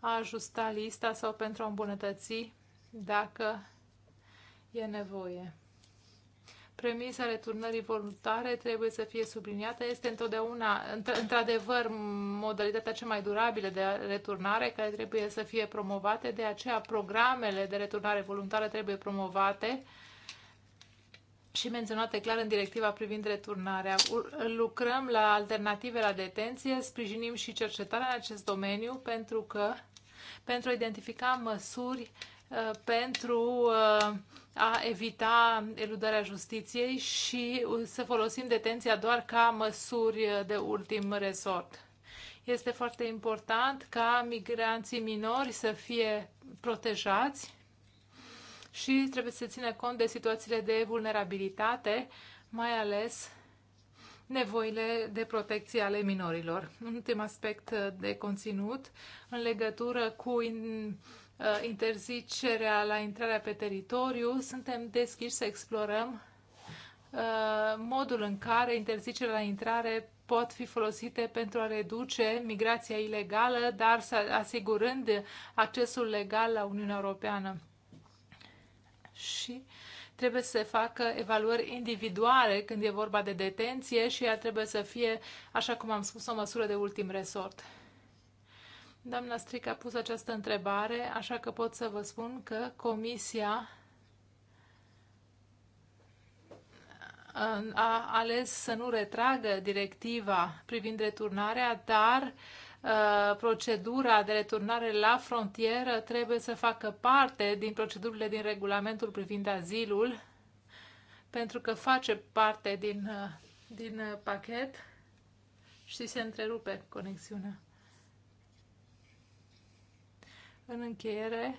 a ajusta lista sau pentru a îmbunătăți dacă e nevoie. Premisa returnării voluntare trebuie să fie subliniată. Este întotdeauna, într-adevăr, modalitatea cea mai durabilă de returnare care trebuie să fie promovate. De aceea, programele de returnare voluntară trebuie promovate și menționate clar în directiva privind returnarea. Lucrăm la alternative la detenție, sprijinim și cercetarea în acest domeniu pentru că pentru a identifica măsuri uh, pentru uh, a evita eludarea justiției și uh, să folosim detenția doar ca măsuri de ultim resort. Este foarte important ca migranții minori să fie protejați și trebuie să ține cont de situațiile de vulnerabilitate, mai ales nevoile de protecție ale minorilor. Un ultim aspect de conținut în legătură cu uh, interzicerea la intrarea pe teritoriu, suntem deschiși să explorăm uh, modul în care interzicerea la intrare pot fi folosite pentru a reduce migrația ilegală, dar asigurând accesul legal la Uniunea Europeană și trebuie să se facă evaluări individuale când e vorba de detenție și ea trebuie să fie, așa cum am spus, o măsură de ultim resort. Doamna Stric a pus această întrebare, așa că pot să vă spun că Comisia a ales să nu retragă directiva privind returnarea, dar uh, Uh, procedura de returnare la frontieră trebuie să facă parte din procedurile din regulamentul privind azilul, pentru că face parte din, uh, din uh, pachet și se întrerupe conexiunea. În încheiere,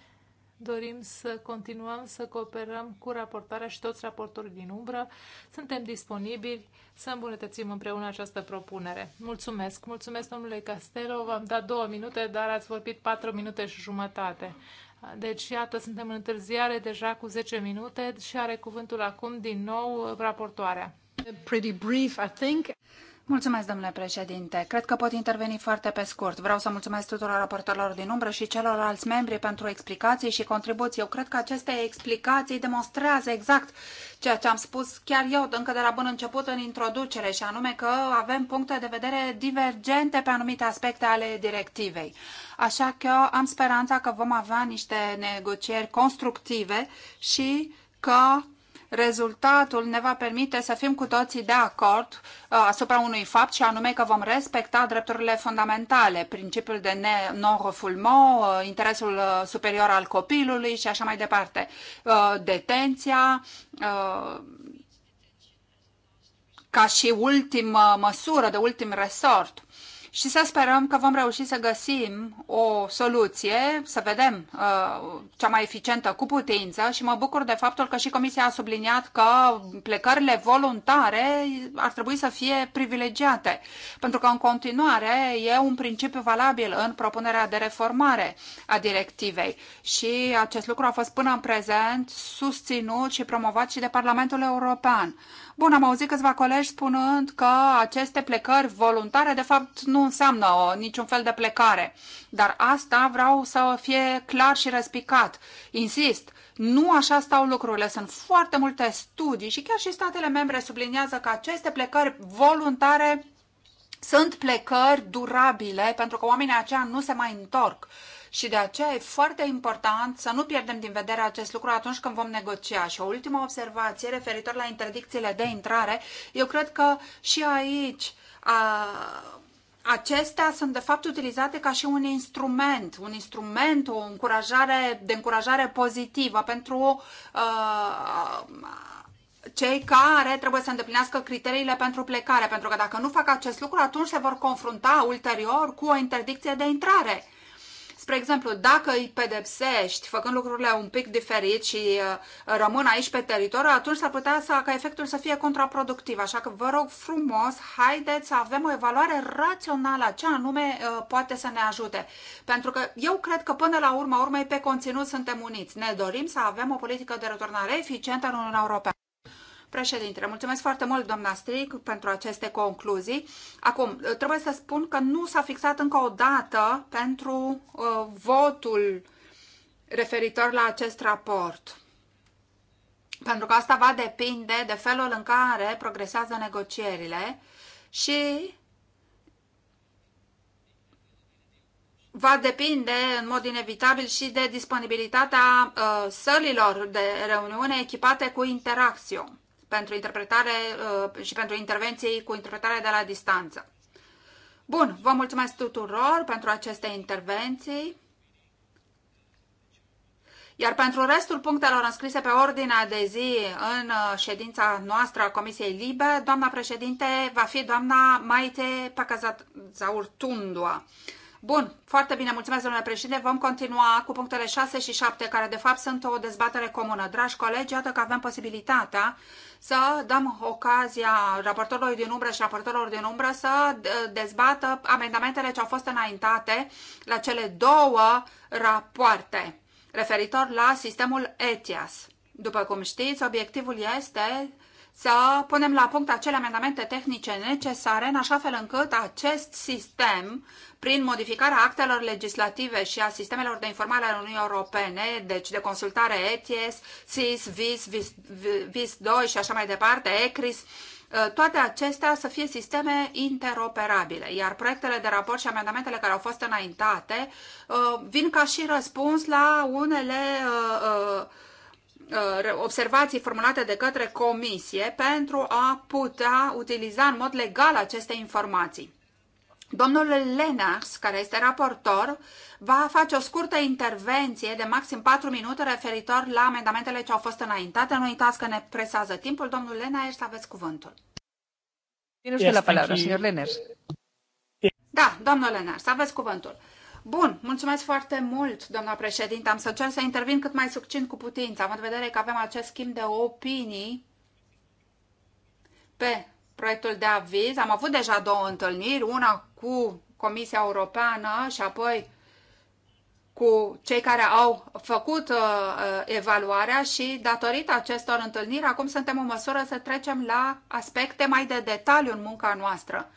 Dorim să continuăm să cooperăm cu raportarea și toți raportorii din umbră. Suntem disponibili să îmbunătățim împreună această propunere. Mulțumesc! Mulțumesc, domnule Castelo. V-am dat două minute, dar ați vorbit patru minute și jumătate. Deci, iată, suntem în întârziare deja cu 10 minute și are cuvântul acum din nou raportoarea. Pretty brief, I think. Mulțumesc, domnule președinte. Cred că pot interveni foarte pe scurt. Vreau să mulțumesc tuturor raportorilor din umbră și celorlalți membri pentru explicații și contribuții. Eu cred că aceste explicații demonstrează exact ceea ce am spus chiar eu încă de la bun început în introducere și anume că avem puncte de vedere divergente pe anumite aspecte ale directivei. Așa că am speranța că vom avea niște negocieri constructive și că rezultatul ne va permite să fim cu toții de acord uh, asupra unui fapt și anume că vom respecta drepturile fundamentale, principiul de non-refoulement, uh, interesul uh, superior al copilului și așa mai departe, detenția, ca și ultimă măsură, de ultim resort și să sperăm că vom reuși să găsim o soluție, să vedem uh, cea mai eficientă cu putință și mă bucur de faptul că și Comisia a subliniat că plecările voluntare ar trebui să fie privilegiate, pentru că în continuare e un principiu valabil în propunerea de reformare a directivei și acest lucru a fost până în prezent susținut și promovat și de Parlamentul European. Bun, am auzit câțiva colegi spunând că aceste plecări voluntare de fapt nu înseamnă o, uh, niciun fel de plecare. Dar asta vreau să fie clar și răspicat. Insist, nu așa stau lucrurile. Sunt foarte multe studii și chiar și statele membre subliniază că aceste plecări voluntare sunt plecări durabile pentru că oamenii aceia nu se mai întorc și de aceea e foarte important să nu pierdem din vedere acest lucru atunci când vom negocia. Și o ultimă observație referitor la interdicțiile de intrare, eu cred că și aici a, acestea sunt de fapt utilizate ca și un instrument, un instrument, o încurajare, de încurajare pozitivă pentru uh, cei care trebuie să îndeplinească criteriile pentru plecare, pentru că dacă nu fac acest lucru, atunci se vor confrunta ulterior cu o interdicție de intrare spre exemplu, dacă îi pedepsești făcând lucrurile un pic diferit și uh, rămân aici pe teritoriu, atunci s-ar putea să, ca efectul să fie contraproductiv. Așa că vă rog frumos, haideți să avem o evaluare rațională a ce anume uh, poate să ne ajute. Pentru că eu cred că până la urma urmei pe conținut suntem uniți. Ne dorim să avem o politică de returnare eficientă în Uniunea Europeană. Președintele, mulțumesc foarte mult, doamna Stric, pentru aceste concluzii. Acum, trebuie să spun că nu s-a fixat încă o dată pentru uh, votul referitor la acest raport. Pentru că asta va depinde de felul în care progresează negocierile și va depinde în mod inevitabil și de disponibilitatea uh, sălilor de reuniune echipate cu interacțiune pentru interpretare uh, și pentru intervenții cu interpretare de la distanță. Bun, vă mulțumesc tuturor pentru aceste intervenții. Iar pentru restul punctelor înscrise pe ordinea de zi în uh, ședința noastră a Comisiei Libe, doamna președinte va fi doamna Maite Pacazaurtundua. Bun, foarte bine, mulțumesc, domnule președinte. Vom continua cu punctele 6 și 7, care de fapt sunt o dezbatere comună. Dragi colegi, iată că avem posibilitatea să dăm ocazia raportorilor din umbră și raportorilor din umbră să dezbată amendamentele ce au fost înaintate la cele două rapoarte referitor la sistemul ETIAS. După cum știți, obiectivul este să punem la punct acele amendamente tehnice necesare, în așa fel încât acest sistem, prin modificarea actelor legislative și a sistemelor de informare ale Uniunii Europene, deci de consultare ETS, SIS, VIS, VIS, VIS 2 și așa mai departe, ECRIS, uh, toate acestea să fie sisteme interoperabile, iar proiectele de raport și amendamentele care au fost înaintate uh, vin ca și răspuns la unele uh, uh, Uh, observații formulate de către comisie pentru a putea utiliza în mod legal aceste informații. Domnul Lenars, care este raportor, va face o scurtă intervenție de maxim 4 minute referitor la amendamentele ce au fost înaintate. Nu uitați că ne presează timpul. Domnul Lenars, aveți cuvântul. Yes, la palabra, señor Da, domnul Lenars, aveți cuvântul. Bun, mulțumesc foarte mult, doamna președinte. Am să încerc să intervin cât mai succint cu putință, având în vedere că avem acest schimb de opinii pe proiectul de aviz. Am avut deja două întâlniri, una cu Comisia Europeană și apoi cu cei care au făcut uh, uh evaluarea și datorită acestor întâlniri acum suntem în măsură să trecem la aspecte mai de detaliu în munca noastră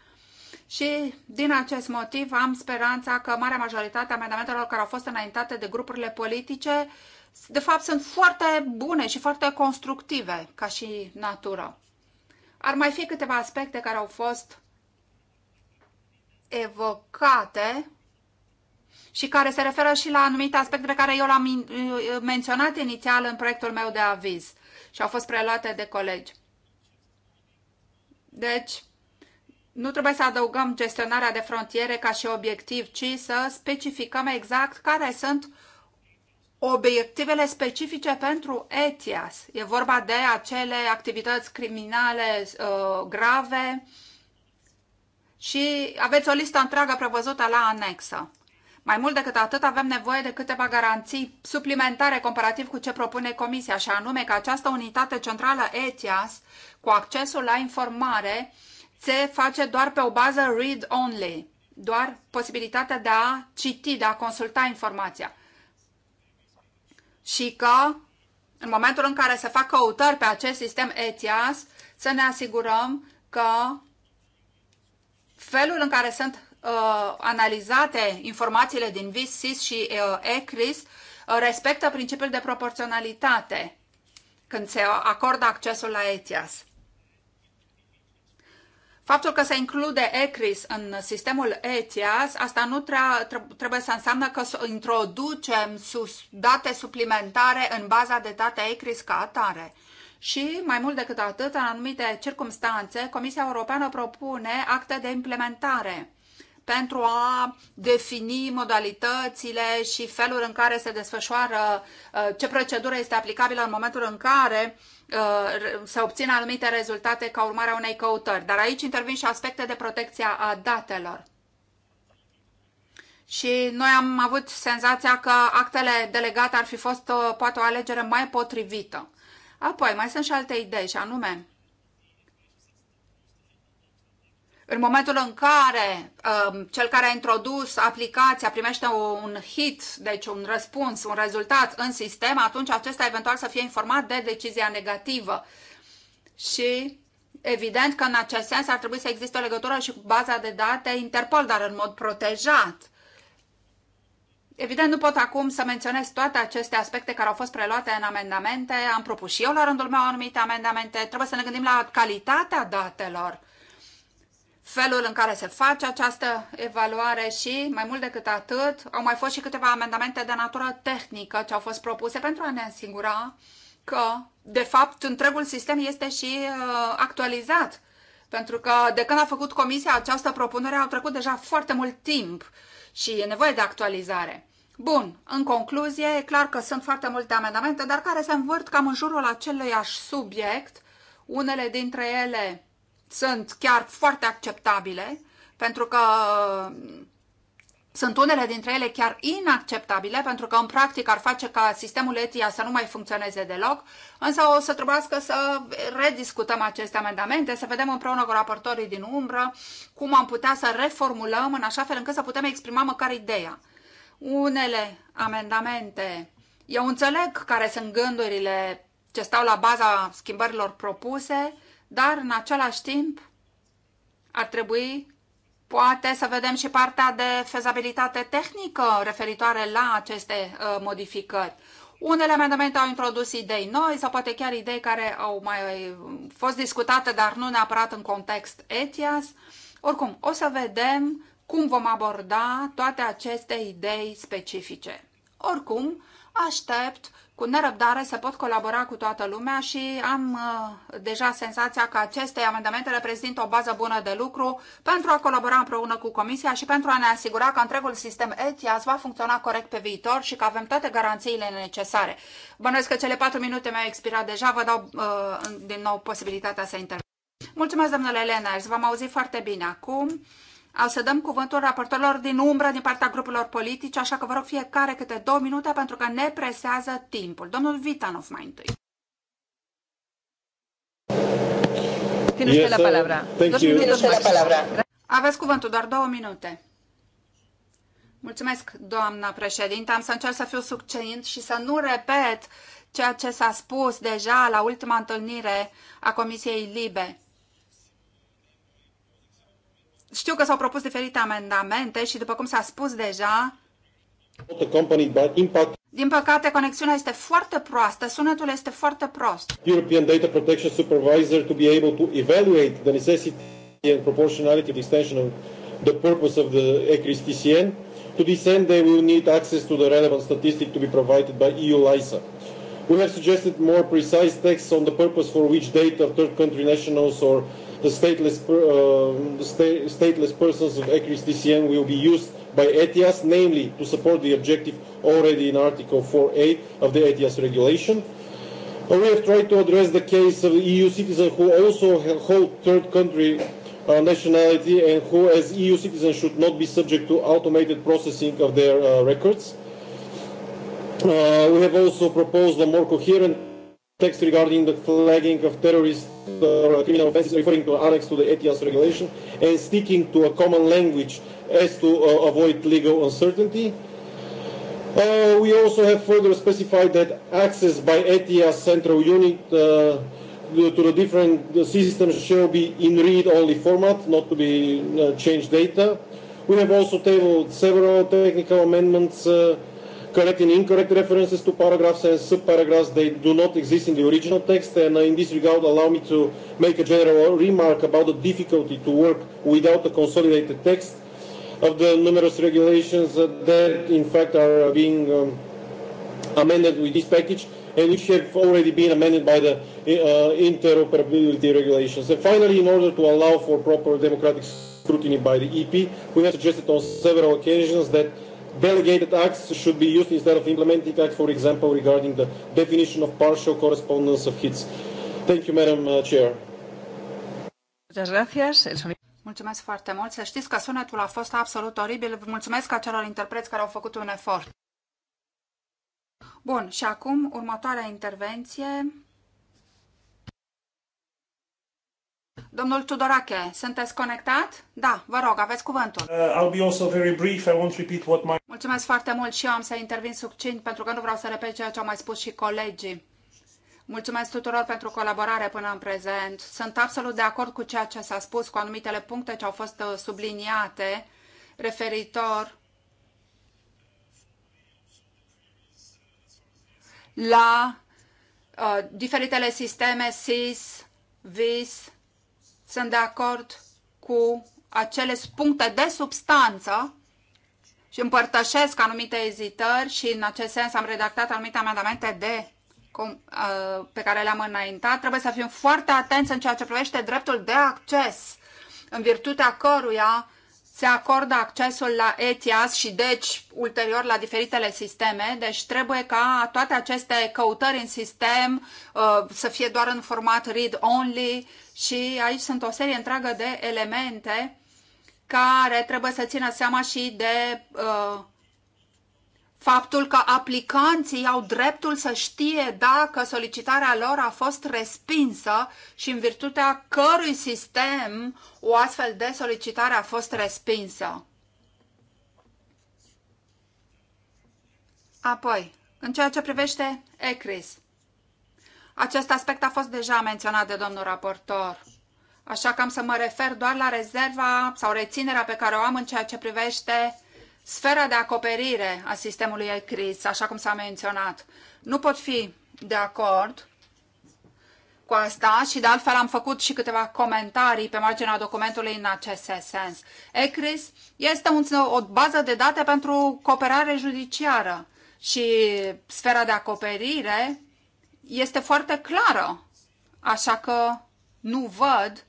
și din acest motiv am speranța că marea majoritate a amendamentelor care au fost înaintate de grupurile politice, de fapt, sunt foarte bune și foarte constructive ca și natură. Ar mai fi câteva aspecte care au fost evocate și care se referă și la anumite aspecte pe care eu l-am uh, menționat inițial în proiectul meu de aviz și au fost preluate de colegi. Deci, nu trebuie să adăugăm gestionarea de frontiere ca și obiectiv, ci să specificăm exact care sunt obiectivele specifice pentru ETIAS. E vorba de acele activități criminale uh, grave și aveți o listă întreagă prevăzută la anexă. Mai mult decât atât, avem nevoie de câteva garanții suplimentare comparativ cu ce propune Comisia, și anume că această unitate centrală ETIAS, cu accesul la informare, uh, se face doar pe o bază read-only, doar posibilitatea de a citi, de a consulta informația. Și că în momentul în care se fac căutări pe acest sistem ETIAS, să ne asigurăm că felul în care sunt uh, analizate informațiile din VIS, SIS și uh, ECRIS uh, respectă principiul de proporționalitate când se acordă accesul la ETIAS. Faptul că se include ECRIS în sistemul ETIAS, asta nu trebuie să înseamnă că introducem date suplimentare în baza de date ECRIS ca atare. Și, mai mult decât atât, în anumite circumstanțe, Comisia Europeană propune acte de implementare pentru a defini modalitățile și felul în care se desfășoară, uh, ce procedură este aplicabilă în momentul în care uh, se obțin anumite rezultate ca urmare a unei căutări. Dar aici intervin și aspecte de protecție a datelor. Și noi am avut senzația că actele delegate ar fi fost uh, poate o alegere mai potrivită. Apoi, mai sunt și alte idei, și anume, În momentul în care um, cel care a introdus aplicația primește un hit, deci un răspuns, un rezultat în sistem, atunci acesta eventual să fie informat de decizia negativă. Și evident că în acest sens ar trebui să existe o legătură și cu baza de date Interpol, dar în mod protejat. Evident, nu pot acum să menționez toate aceste aspecte care au fost preluate în amendamente. Am propus și eu la rândul meu anumite amendamente. Trebuie să ne gândim la calitatea datelor felul în care se face această evaluare și, mai mult decât atât, au mai fost și câteva amendamente de natură tehnică ce au fost propuse pentru a ne asigura că, de fapt, întregul sistem este și uh, actualizat. Pentru că de când a făcut comisia această propunere au trecut deja foarte mult timp și e nevoie de actualizare. Bun, în concluzie, e clar că sunt foarte multe amendamente, dar care se învârt cam în jurul acelui subiect, unele dintre ele sunt chiar foarte acceptabile, pentru că mm, sunt unele dintre ele chiar inacceptabile, pentru că în practic ar face ca sistemul ETIA să nu mai funcționeze deloc, însă o să trebuiască să rediscutăm aceste amendamente, să vedem împreună cu raportorii din umbră cum am putea să reformulăm în așa fel încât să putem exprima măcar ideea. Unele amendamente, eu înțeleg care sunt gândurile ce stau la baza schimbărilor propuse, dar în același timp ar trebui poate să vedem și partea de fezabilitate tehnică referitoare la aceste uh, modificări. Unele amendamente au introdus idei noi sau poate chiar idei care au mai fost discutate, dar nu neapărat în context ETIAS. Oricum, o să vedem cum vom aborda toate aceste idei specifice. Oricum, aștept cu nerăbdare se pot colabora cu toată lumea și am uh, deja senzația că aceste amendamente reprezintă o bază bună de lucru pentru a colabora împreună cu Comisia și pentru a ne asigura că întregul sistem ETIAS va funcționa corect pe viitor și că avem toate garanțiile necesare. Bănuiesc că cele patru minute mi-au expirat deja, vă dau uh, din nou posibilitatea să intervin. Mulțumesc, domnule Lenars, v-am auzit foarte bine acum. Au să dăm cuvântul raportorilor din umbră din partea grupurilor politice, așa că vă rog fiecare câte două minute pentru că ne presează timpul. Domnul Vitanov mai întâi. la Aveți cuvântul, doar două minute. Mulțumesc, doamna președinte. Am să încerc să fiu succint și să nu repet ceea ce s-a spus deja la ultima întâlnire a Comisiei Libe. Știu că s-au propus diferite amendamente și, după cum s-a spus deja, din păcate, conexiunea este foarte proastă, sunetul este foarte prost. European Data Protection Supervisor to be able to evaluate the necessity and proportionality of extension of the purpose of the ECRIS TCN. To this end, they will need access to the relevant statistic to be provided by EU LISA. We have suggested more precise texts on the purpose for which data of third country nationals or the stateless, uh, sta stateless persons of ECRIS TCN will be used by ETIAS, namely to support the objective already in Article 4A of the ETIAS regulation. Uh, we have tried to address the case of EU citizens who also hold third country uh, nationality and who as EU citizens should not be subject to automated processing of their uh, records. Uh, we have also proposed a more coherent text regarding the flagging of terrorist or uh, criminal offenses referring to annex to the ETIAS regulation and sticking to a common language as to uh, avoid legal uncertainty. Uh, we also have further specified that access by ETIAS central unit uh, to the different systems shall be in read-only format, not to be uh, changed data. We have also tabled several technical amendments uh, correct and incorrect references to paragraphs and subparagraphs. They do not exist in the original text. And uh, in this regard, allow me to make a general remark about the difficulty to work without a consolidated text of the numerous regulations uh, that, in fact, are uh, being um, amended with this package and which have already been amended by the uh, interoperability regulations. And finally, in order to allow for proper democratic scrutiny by the EP, we have suggested on several occasions that Delegated acts should be used instead of implementing acts, for example, regarding the definition of partial correspondence of hits. Thank you, Madam uh, Chair. Mulțumesc foarte mult. Să știți că sunetul a fost absolut oribil. Vă mulțumesc acelor interpreți care au făcut un efort. Bun, și acum următoarea intervenție Domnul Tudorache, sunteți conectat? Da, vă rog, aveți cuvântul. Uh, I'll be also very brief. I won't repeat what my... Mulțumesc foarte mult și eu am să intervin succint pentru că nu vreau să repet ceea ce au mai spus și colegii. Mulțumesc tuturor pentru colaborare până în prezent. Sunt absolut de acord cu ceea ce s-a spus, cu anumitele puncte ce au fost uh, subliniate referitor la uh, diferitele sisteme SIS, VIS, sunt de acord cu acele puncte de substanță și împărtășesc anumite ezitări și în acest sens am redactat anumite amendamente de uh, pe care le-am înaintat, trebuie să fim foarte atenți în ceea ce privește dreptul de acces, în virtutea căruia se acordă accesul la ETIAS și deci ulterior la diferitele sisteme, deci trebuie ca toate aceste căutări în sistem uh, să fie doar în format read-only și aici sunt o serie întreagă de elemente care trebuie să țină seama și de uh, faptul că aplicanții au dreptul să știe dacă solicitarea lor a fost respinsă și în virtutea cărui sistem o astfel de solicitare a fost respinsă. Apoi, în ceea ce privește ECRIS, acest aspect a fost deja menționat de domnul raportor. Așa că am să mă refer doar la rezerva sau reținerea pe care o am în ceea ce privește Sfera de acoperire a sistemului ECRIS, așa cum s-a menționat, nu pot fi de acord cu asta și de altfel am făcut și câteva comentarii pe marginea documentului în acest sens. ECRIS este un, o bază de date pentru cooperare judiciară și sfera de acoperire este foarte clară, așa că nu văd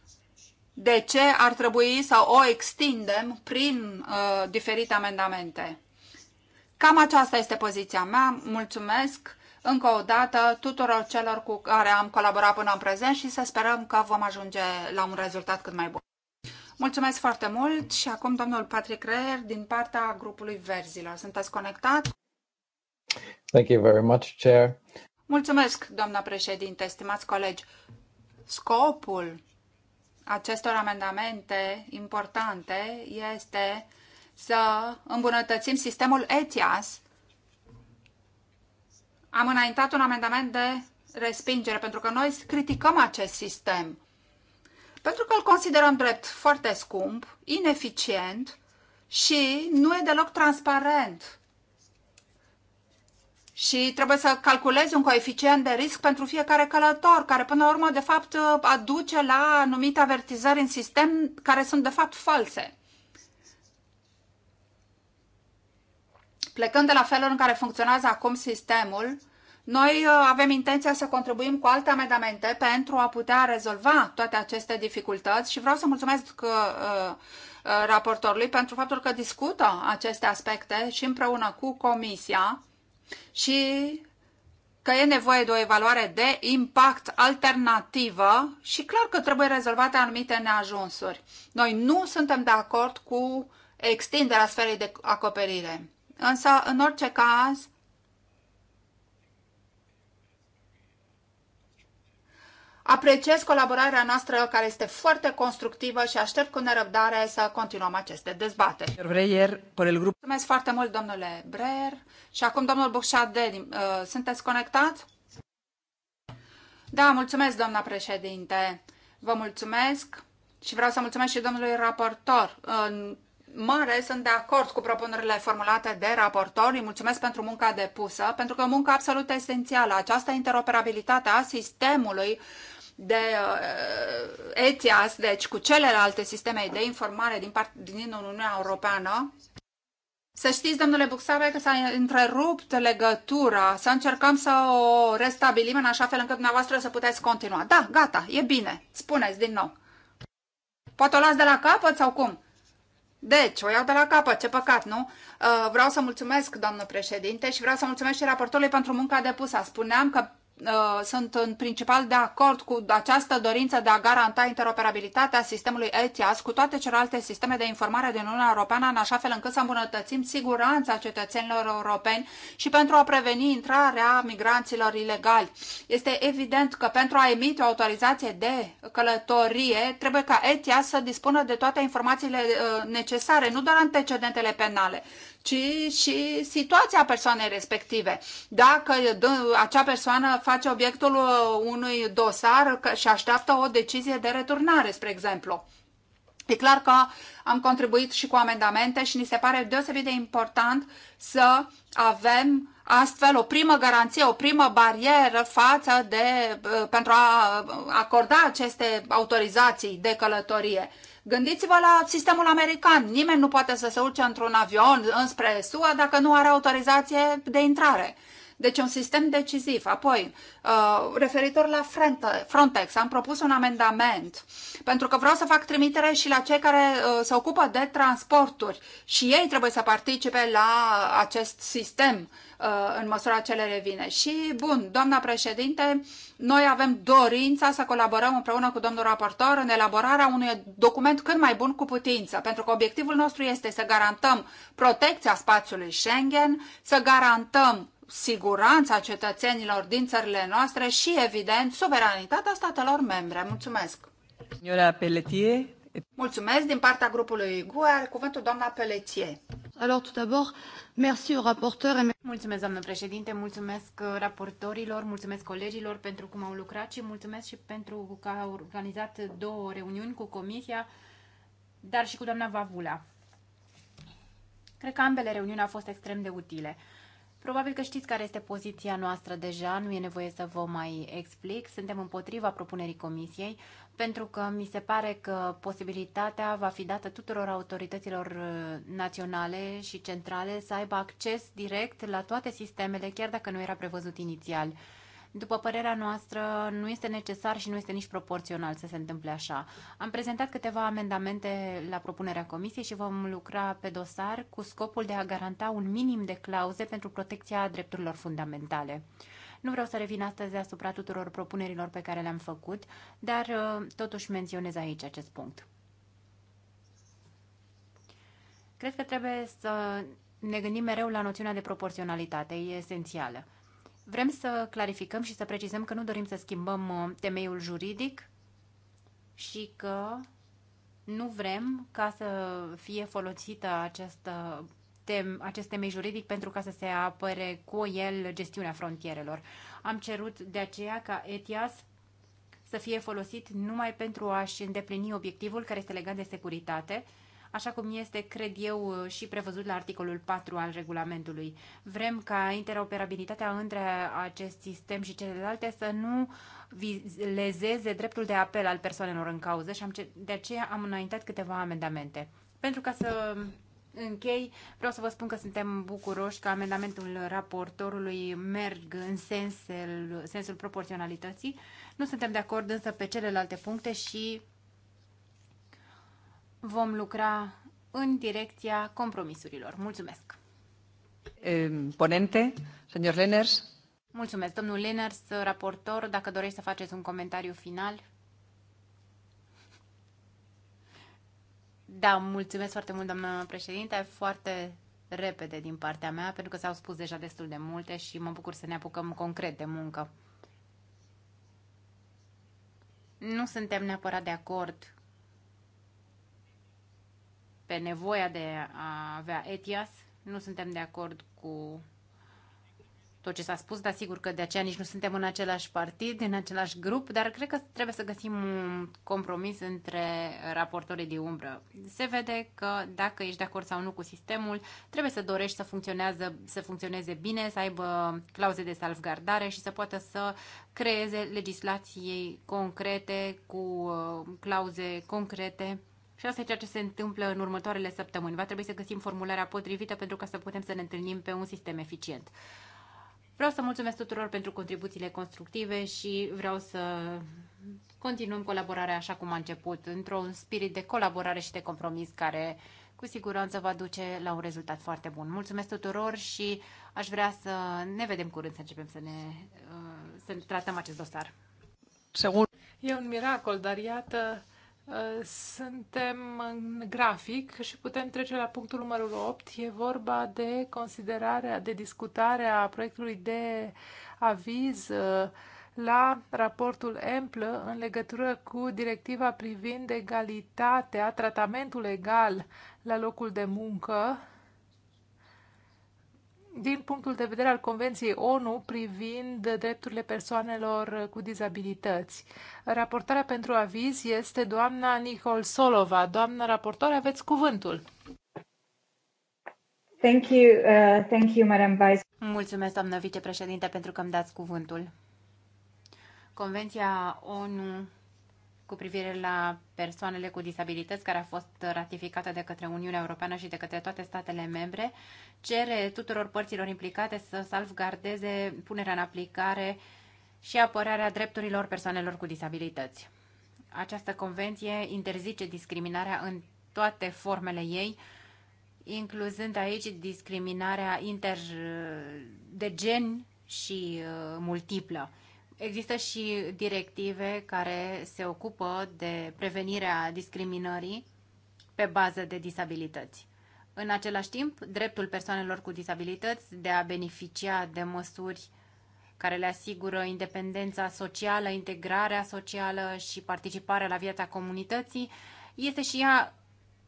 de ce ar trebui să o extindem prin uh, diferite amendamente. Cam aceasta este poziția mea. Mulțumesc încă o dată tuturor celor cu care am colaborat până în prezent și să sperăm că vom ajunge la un rezultat cât mai bun. Mulțumesc foarte mult și acum domnul Patrick Reier din partea grupului Verzilor. Sunteți conectat? Thank you very much, Chair. Mulțumesc, doamna președinte, stimați colegi. Scopul acestor amendamente importante este să îmbunătățim sistemul ETIAS. Am înaintat un amendament de respingere pentru că noi criticăm acest sistem. Pentru că îl considerăm drept foarte scump, ineficient și nu e deloc transparent și trebuie să calculezi un coeficient de risc pentru fiecare călător, care până la urmă, de fapt, aduce la anumite avertizări în sistem care sunt, de fapt, false. Plecând de la felul în care funcționează acum sistemul, noi uh, avem intenția să contribuim cu alte amendamente pentru a putea rezolva toate aceste dificultăți și vreau să mulțumesc că, uh, uh, raportorului pentru faptul că discută aceste aspecte și împreună cu Comisia și că e nevoie de o evaluare de impact alternativă și clar că trebuie rezolvate anumite neajunsuri. Noi nu suntem de acord cu extinderea sferei de acoperire. Însă, în orice caz, Apreciez colaborarea noastră care este foarte constructivă și aștept cu nerăbdare să continuăm aceste dezbateri. Breyer, grup. Mulțumesc foarte mult, domnule Breyer. Și acum, domnul Bușade, uh, sunteți conectat? Da, mulțumesc, doamna președinte. Vă mulțumesc și vreau să mulțumesc și domnului raportor. În mare sunt de acord cu propunerile formulate de raportor. Îi mulțumesc pentru munca depusă, pentru că munca muncă absolut esențială. Această interoperabilitate a sistemului de uh, ETIAS, deci cu celelalte sisteme de informare din, part, din Uniunea Europeană, să știți, domnule Buxave, că s-a întrerupt legătura, să încercăm să o restabilim în așa fel încât dumneavoastră să puteți continua. Da, gata, e bine. Spuneți din nou. Poate o las de la capăt sau cum? Deci, o iau de la capăt, ce păcat, nu? Uh, vreau să mulțumesc, doamnă președinte, și vreau să mulțumesc și raportorului pentru munca depusă. Spuneam că Uh, sunt în principal de acord cu această dorință de a garanta interoperabilitatea sistemului ETIAS cu toate celelalte sisteme de informare din Uniunea Europeană, în așa fel încât să îmbunătățim siguranța cetățenilor europeni și pentru a preveni intrarea migranților ilegali. Este evident că pentru a emite o autorizație de călătorie, trebuie ca ETIAS să dispună de toate informațiile uh, necesare, nu doar antecedentele penale, ci și situația persoanei respective. Dacă acea persoană face obiectul unui dosar și așteaptă o decizie de returnare, spre exemplu. E clar că am contribuit și cu amendamente și ni se pare deosebit de important să avem astfel o primă garanție, o primă barieră față de, pentru a acorda aceste autorizații de călătorie. Gândiți-vă la sistemul american. Nimeni nu poate să se urce într-un avion înspre SUA dacă nu are autorizație de intrare. Deci un sistem decisiv. Apoi, uh, referitor la Frontex, am propus un amendament pentru că vreau să fac trimitere și la cei care uh, se ocupă de transporturi și ei trebuie să participe la acest sistem uh, în măsura ce le revine. Și, bun, doamna președinte, noi avem dorința să colaborăm împreună cu domnul raportor în elaborarea unui document cât mai bun cu putință, pentru că obiectivul nostru este să garantăm protecția spațiului Schengen, să garantăm siguranța cetățenilor din țările noastre și, evident, suveranitatea statelor membre. Mulțumesc! Signora Pelletier. Mulțumesc din partea grupului GUE, are cuvântul doamna Pelletier. Alors, tout d'abord, merci au rapporteur. Et... Mulțumesc, doamnă președinte, mulțumesc uh, raportorilor, mulțumesc colegilor pentru cum au lucrat și mulțumesc și pentru că au organizat două reuniuni cu comisia, dar și cu doamna Vavula. Cred că ambele reuniuni au fost extrem de utile. Probabil că știți care este poziția noastră deja, nu e nevoie să vă mai explic. Suntem împotriva propunerii comisiei pentru că mi se pare că posibilitatea va fi dată tuturor autorităților uh, naționale și centrale să aibă acces direct la toate sistemele, chiar dacă nu era prevăzut inițial. După părerea noastră, nu este necesar și nu este nici proporțional să se întâmple așa. Am prezentat câteva amendamente la propunerea comisiei și vom lucra pe dosar cu scopul de a garanta un minim de clauze pentru protecția drepturilor fundamentale. Nu vreau să revin astăzi asupra tuturor propunerilor pe care le-am făcut, dar uh, totuși menționez aici acest punct. Cred că trebuie să ne gândim mereu la noțiunea de proporționalitate, e esențială. Vrem să clarificăm și să precizăm că nu dorim să schimbăm uh, temeiul juridic și că nu vrem ca să fie folosită această tem, acest temei juridic pentru ca să se apere cu el gestiunea frontierelor. Am cerut de aceea ca ETIAS să fie folosit numai pentru a-și îndeplini obiectivul care este legat de securitate așa cum este, cred eu, și prevăzut la articolul 4 al regulamentului. Vrem ca interoperabilitatea între acest sistem și celelalte să nu lezeze dreptul de apel al persoanelor în cauză și am, de aceea am înaintat câteva amendamente. Pentru ca să închei, vreau să vă spun că suntem bucuroși că amendamentul raportorului merg în sensul, sensul proporționalității. Nu suntem de acord însă pe celelalte puncte și vom lucra în direcția compromisurilor. Mulțumesc! Ponente, señor Leners. Mulțumesc, domnul Leners, raportor. Dacă dorești să faceți un comentariu final. Da, mulțumesc foarte mult, doamnă președinte. Foarte repede din partea mea, pentru că s-au spus deja destul de multe și mă bucur să ne apucăm concret de muncă. Nu suntem neapărat de acord pe nevoia de a avea ETIAS. Nu suntem de acord cu tot ce s-a spus, dar sigur că de aceea nici nu suntem în același partid, în același grup, dar cred că trebuie să găsim un compromis între raportorii de umbră. Se vede că dacă ești de acord sau nu cu sistemul, trebuie să dorești să, funcționează, să funcționeze bine, să aibă clauze de salvgardare și să poată să creeze legislații concrete cu uh, clauze concrete și asta e ceea ce se întâmplă în următoarele săptămâni. Va trebui să găsim formularea potrivită pentru ca să putem să ne întâlnim pe un sistem eficient. Vreau să mulțumesc tuturor pentru contribuțiile constructive și vreau să continuăm colaborarea așa cum a început, într-un spirit de colaborare și de compromis care cu siguranță va duce la un rezultat foarte bun. Mulțumesc tuturor și aș vrea să ne vedem curând, să începem să ne uh, să tratăm acest dosar. E un miracol, dar iată Uh, suntem în grafic și putem trece la punctul numărul 8. E vorba de considerarea, de discutarea proiectului de aviz uh, la raportul EMPLă în legătură cu directiva privind egalitatea, tratamentul egal la locul de muncă din punctul de vedere al Convenției ONU privind drepturile persoanelor cu dizabilități. Raportarea pentru aviz este doamna Nicol Solova. Doamna raportoare, aveți cuvântul. Thank you, uh, thank you, Madam Vice. Mulțumesc, doamnă vicepreședinte, pentru că îmi dați cuvântul. Convenția ONU cu privire la persoanele cu disabilități care a fost ratificată de către Uniunea Europeană și de către toate statele membre, cere tuturor părților implicate să salvgardeze punerea în aplicare și apărarea drepturilor persoanelor cu disabilități. Această convenție interzice discriminarea în toate formele ei, incluzând aici discriminarea inter de gen și uh, multiplă. Există și directive care se ocupă de prevenirea discriminării pe bază de disabilități. În același timp, dreptul persoanelor cu disabilități de a beneficia de măsuri care le asigură independența socială, integrarea socială și participarea la viața comunității, este și ea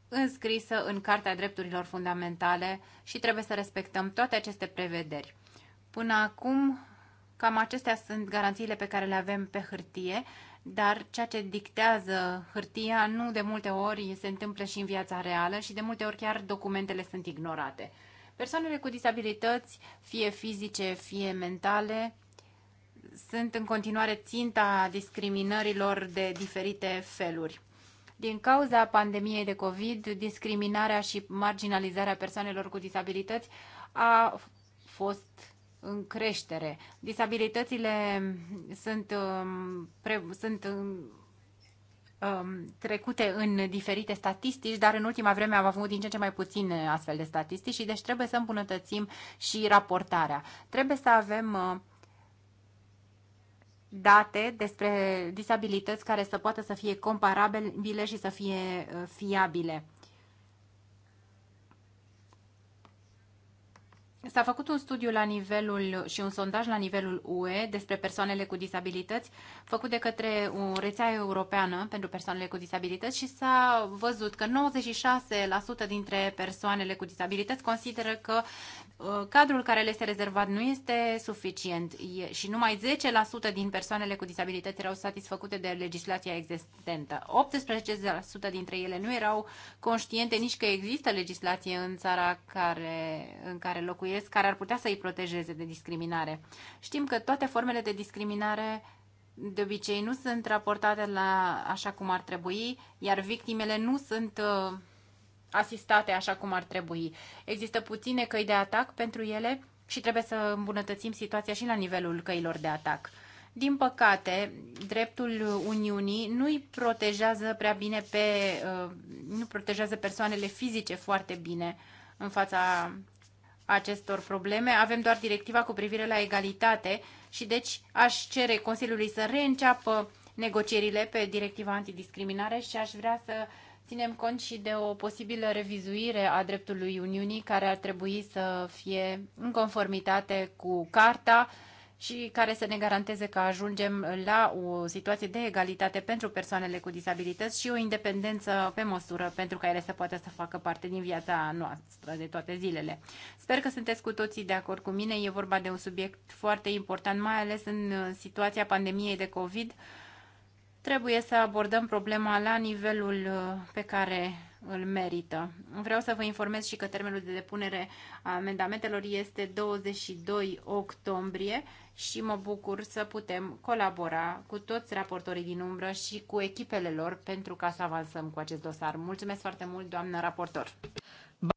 înscrisă în Cartea Drepturilor Fundamentale și trebuie să respectăm toate aceste prevederi. Până acum, Cam acestea sunt garanțiile pe care le avem pe hârtie, dar ceea ce dictează hârtia nu de multe ori se întâmplă și în viața reală și de multe ori chiar documentele sunt ignorate. Persoanele cu disabilități, fie fizice, fie mentale, sunt în continuare ținta discriminărilor de diferite feluri. Din cauza pandemiei de COVID, discriminarea și marginalizarea persoanelor cu disabilități a fost în creștere. Disabilitățile sunt, um, pre, sunt um, um, trecute în diferite statistici, dar în ultima vreme am avut din ce în ce mai puține astfel de statistici și deci trebuie să îmbunătățim și raportarea. Trebuie să avem uh, date despre disabilități care să poată să fie comparabile și să fie uh, fiabile. S-a făcut un studiu la nivelul și un sondaj la nivelul UE despre persoanele cu disabilități, făcut de către o rețea europeană pentru persoanele cu disabilități și s-a văzut că 96% dintre persoanele cu disabilități consideră că Uh, cadrul care le este rezervat nu este suficient și numai 10% din persoanele cu disabilități erau satisfăcute de legislația existentă. 18% dintre ele nu erau conștiente nici că există legislație în țara care, în care locuiesc care ar putea să îi protejeze de discriminare. Știm că toate formele de discriminare de obicei nu sunt raportate la așa cum ar trebui, iar victimele nu sunt uh, asistate așa cum ar trebui. Există puține căi de atac pentru ele și trebuie să îmbunătățim situația și la nivelul căilor de atac. Din păcate, dreptul Uniunii nu îi protejează prea bine pe uh, nu protejează persoanele fizice foarte bine în fața acestor probleme. Avem doar directiva cu privire la egalitate și deci aș cere Consiliului să reînceapă negocierile pe directiva antidiscriminare și aș vrea să Ținem cont și de o posibilă revizuire a dreptului Uniunii care ar trebui să fie în conformitate cu Carta și care să ne garanteze că ajungem la o situație de egalitate pentru persoanele cu disabilități și o independență pe măsură pentru ca ele să poată să facă parte din viața noastră de toate zilele. Sper că sunteți cu toții de acord cu mine. E vorba de un subiect foarte important, mai ales în situația pandemiei de COVID trebuie să abordăm problema la nivelul uh, pe care îl merită. Vreau să vă informez și că termenul de depunere a amendamentelor este 22 octombrie și mă bucur să putem colabora cu toți raportorii din umbră și cu echipele lor pentru ca să avansăm cu acest dosar. Mulțumesc foarte mult, doamnă raportor!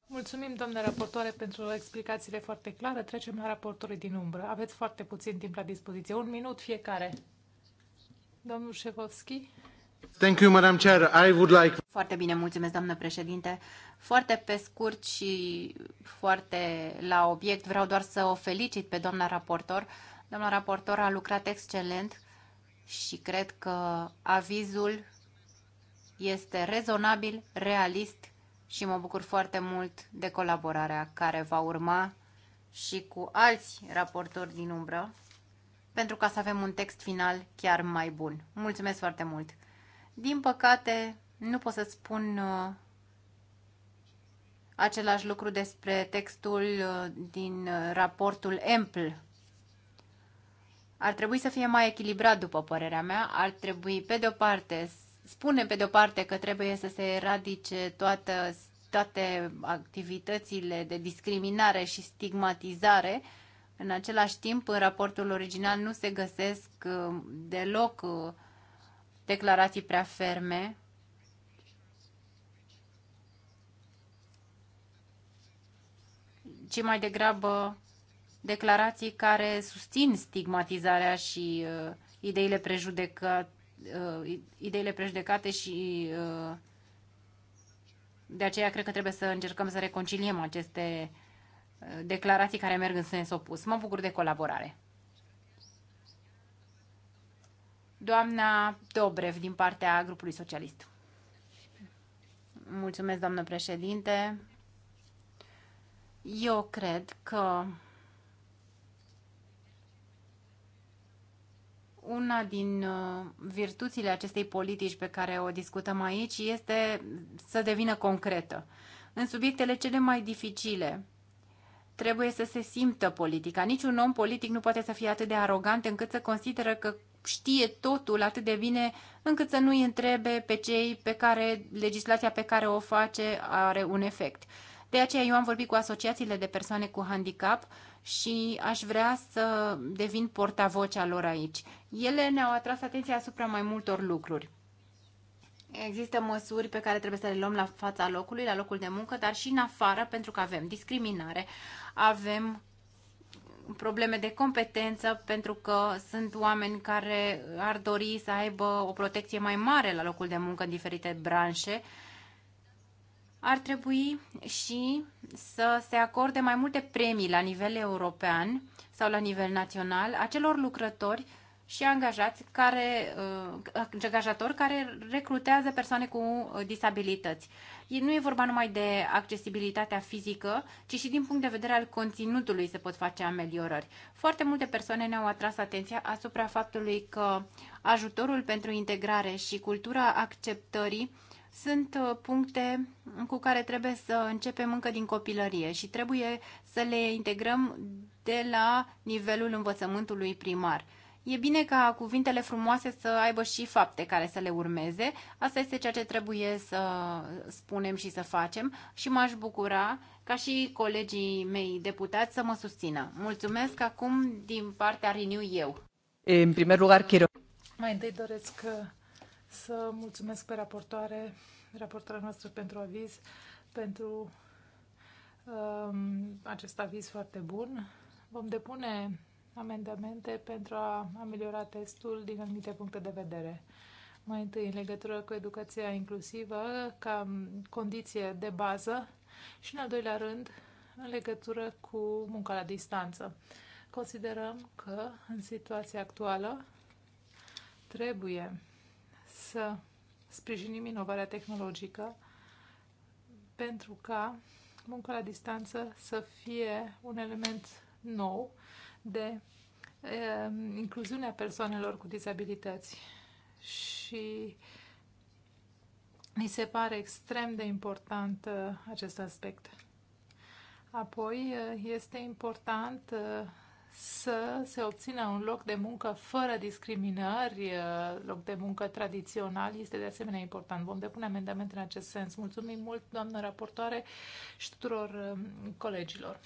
Mulțumim, domnule raportoare, pentru explicațiile foarte clare. Trecem la raportorii din umbră. Aveți foarte puțin timp la dispoziție, un minut fiecare. Domnul Șefovski. Thank you, Madam Chair. I would like... Foarte bine, mulțumesc, doamnă președinte. Foarte pe scurt și foarte la obiect, vreau doar să o felicit pe doamna raportor. Doamna raportor a lucrat excelent și cred că avizul este rezonabil, realist și mă bucur foarte mult de colaborarea care va urma și cu alți raportori din umbră pentru ca să avem un text final chiar mai bun. Mulțumesc foarte mult! Din păcate, nu pot să spun uh, același lucru despre textul uh, din uh, raportul EMPL. Ar trebui să fie mai echilibrat, după părerea mea. Ar trebui, pe de-o parte, spune pe de-o parte că trebuie să se eradice toată, toate activitățile de discriminare și stigmatizare, uh, în același timp, în raportul original nu se găsesc uh, deloc uh, declarații prea ferme. ci mai degrabă declarații care susțin stigmatizarea și uh, ideile, prejudeca, uh, ideile prejudecate și uh, de aceea cred că trebuie să încercăm să reconciliem aceste declarații care merg în sens opus. Mă bucur de colaborare. Doamna Dobrev, din partea grupului socialist. Mulțumesc, doamnă președinte. Eu cred că una din uh, virtuțile acestei politici pe care o discutăm aici este să devină concretă. În subiectele cele mai dificile, trebuie să se simtă politica. Niciun om politic nu poate să fie atât de arogant încât să consideră că știe totul atât de bine încât să nu i întrebe pe cei pe care legislația pe care o face are un efect. De aceea eu am vorbit cu asociațiile de persoane cu handicap și aș vrea să devin portavocea lor aici. Ele ne-au atras atenția asupra mai multor lucruri. Există măsuri pe care trebuie să le luăm la fața locului, la locul de muncă, dar și în afară, pentru că avem discriminare, avem probleme de competență, pentru că sunt oameni care ar dori să aibă o protecție mai mare la locul de muncă în diferite branșe. Ar trebui și să se acorde mai multe premii la nivel european sau la nivel național acelor lucrători și angajați care, uh, angajatori care recrutează persoane cu uh, disabilități. Nu e vorba numai de accesibilitatea fizică, ci și din punct de vedere al conținutului se pot face ameliorări. Foarte multe persoane ne-au atras atenția asupra faptului că ajutorul pentru integrare și cultura acceptării sunt uh, puncte cu care trebuie să începem încă din copilărie și trebuie să le integrăm de la nivelul învățământului primar. E bine ca cuvintele frumoase să aibă și fapte care să le urmeze. Asta este ceea ce trebuie să spunem și să facem și m-aș bucura ca și colegii mei deputați să mă susțină. Mulțumesc acum din partea Renew eu. În primul rând, quiero... Mai întâi doresc uh, să mulțumesc pe raportoare, raportoarea noastră pentru aviz, pentru um, acest aviz foarte bun. Vom depune amendamente pentru a ameliora testul din anumite puncte de vedere. Mai întâi, în legătură cu educația inclusivă ca condiție de bază și, în al doilea rând, în legătură cu munca la distanță. Considerăm că, în situația actuală, trebuie să sprijinim inovarea tehnologică pentru ca munca la distanță să fie un element nou de uh, incluziunea persoanelor cu dizabilități. Și mi se pare extrem de important uh, acest aspect. Apoi, uh, este important uh, să se obțină un loc de muncă fără discriminări, uh, loc de muncă tradițional, este de asemenea important. Vom depune amendamente în acest sens. Mulțumim mult, doamnă raportoare și tuturor uh, colegilor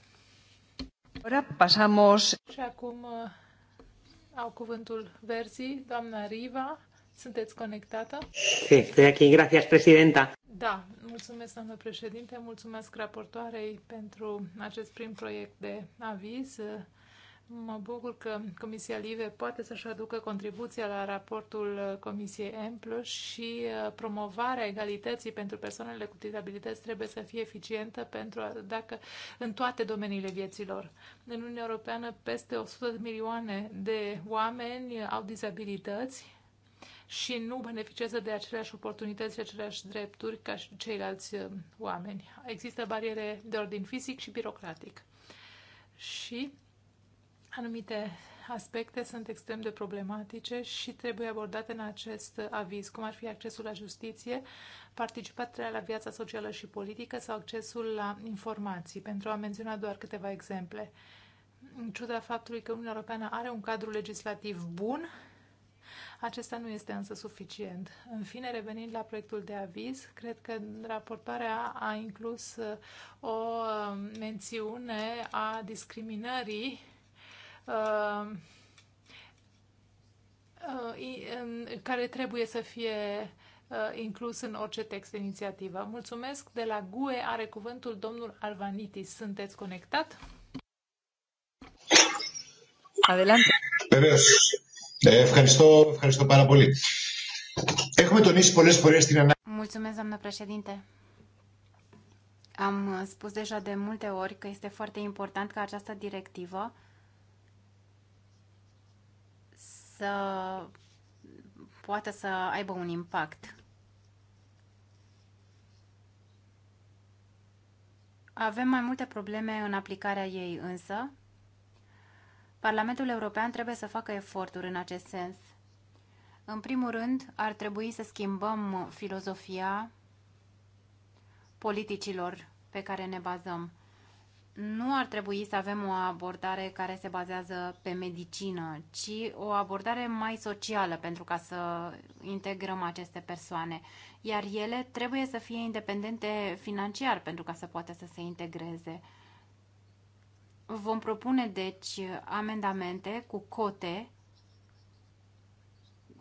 ora Pasamos. Și acum uh, au cuvântul verzii, doamna Riva. Sunteți conectată? Sí, estoy aquí. Gracias, presidenta. Da, mulțumesc, doamnă președinte, mulțumesc raportoarei pentru acest prim proiect de aviz. Mă bucur că Comisia Live poate să-și aducă contribuția la raportul Comisiei Emplu și uh, promovarea egalității pentru persoanele cu dizabilități trebuie să fie eficientă pentru a, dacă, în toate domeniile vieților. În Uniunea Europeană, peste 100 de milioane de oameni au dizabilități și nu beneficiază de aceleași oportunități și aceleași drepturi ca și ceilalți uh, oameni. Există bariere de ordin fizic și birocratic. Și Anumite aspecte sunt extrem de problematice și trebuie abordate în acest aviz, cum ar fi accesul la justiție, participarea la viața socială și politică sau accesul la informații, pentru a menționa doar câteva exemple. În ciuda faptului că Uniunea Europeană are un cadru legislativ bun, acesta nu este însă suficient. În fine, revenind la proiectul de aviz, cred că raportarea a inclus uh, o uh, mențiune a discriminării Uh, uh, care trebuie să fie uh, inclus în orice text de inițiativă. Mulțumesc. De la GUE are cuvântul domnul Alvanitis. Sunteți conectat? Adelante. Βεβαίως. Ευχαριστώ, ευχαριστώ πάρα πολύ. Έχουμε τονίσει πολλές φορές την ανάγκη... Mulțumesc, doamnă președinte. Am spus deja de multe ori că este foarte important ca această directivă să poată să aibă un impact. Avem mai multe probleme în aplicarea ei însă. Parlamentul European trebuie să facă eforturi în acest sens. În primul rând, ar trebui să schimbăm filozofia politicilor pe care ne bazăm nu ar trebui să avem o abordare care se bazează pe medicină, ci o abordare mai socială pentru ca să integrăm aceste persoane. Iar ele trebuie să fie independente financiar pentru ca să poată să se integreze. Vom propune, deci, amendamente cu cote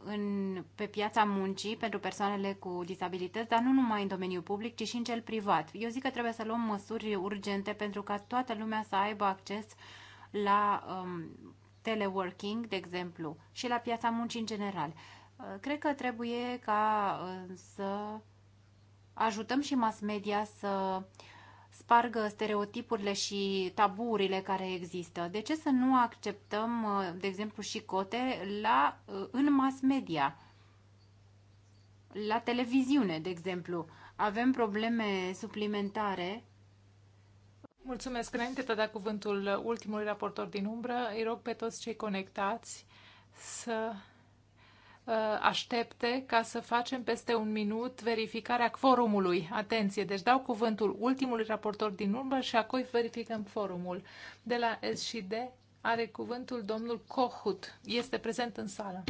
în, pe piața muncii pentru persoanele cu dizabilități, dar nu numai în domeniul public, ci și în cel privat. Eu zic că trebuie să luăm măsuri urgente pentru ca toată lumea să aibă acces la um, teleworking, de exemplu, și la piața muncii în general. Uh, cred că trebuie ca uh, să ajutăm și mass media să uh, spargă stereotipurile și taburile care există. De ce să nu acceptăm, uh, de exemplu, și cote la, uh, în mass media? La televiziune, de exemplu. Avem probleme suplimentare Mulțumesc. Înainte de a da cuvântul ultimului raportor din umbră, îi rog pe toți cei conectați să Uh, aștepte ca să facem peste un minut verificarea quorumului. Atenție, deci dau cuvântul ultimului raportor din urmă și apoi verificăm quorumul. De la S și D are cuvântul domnul Cohut. Este prezent în sală.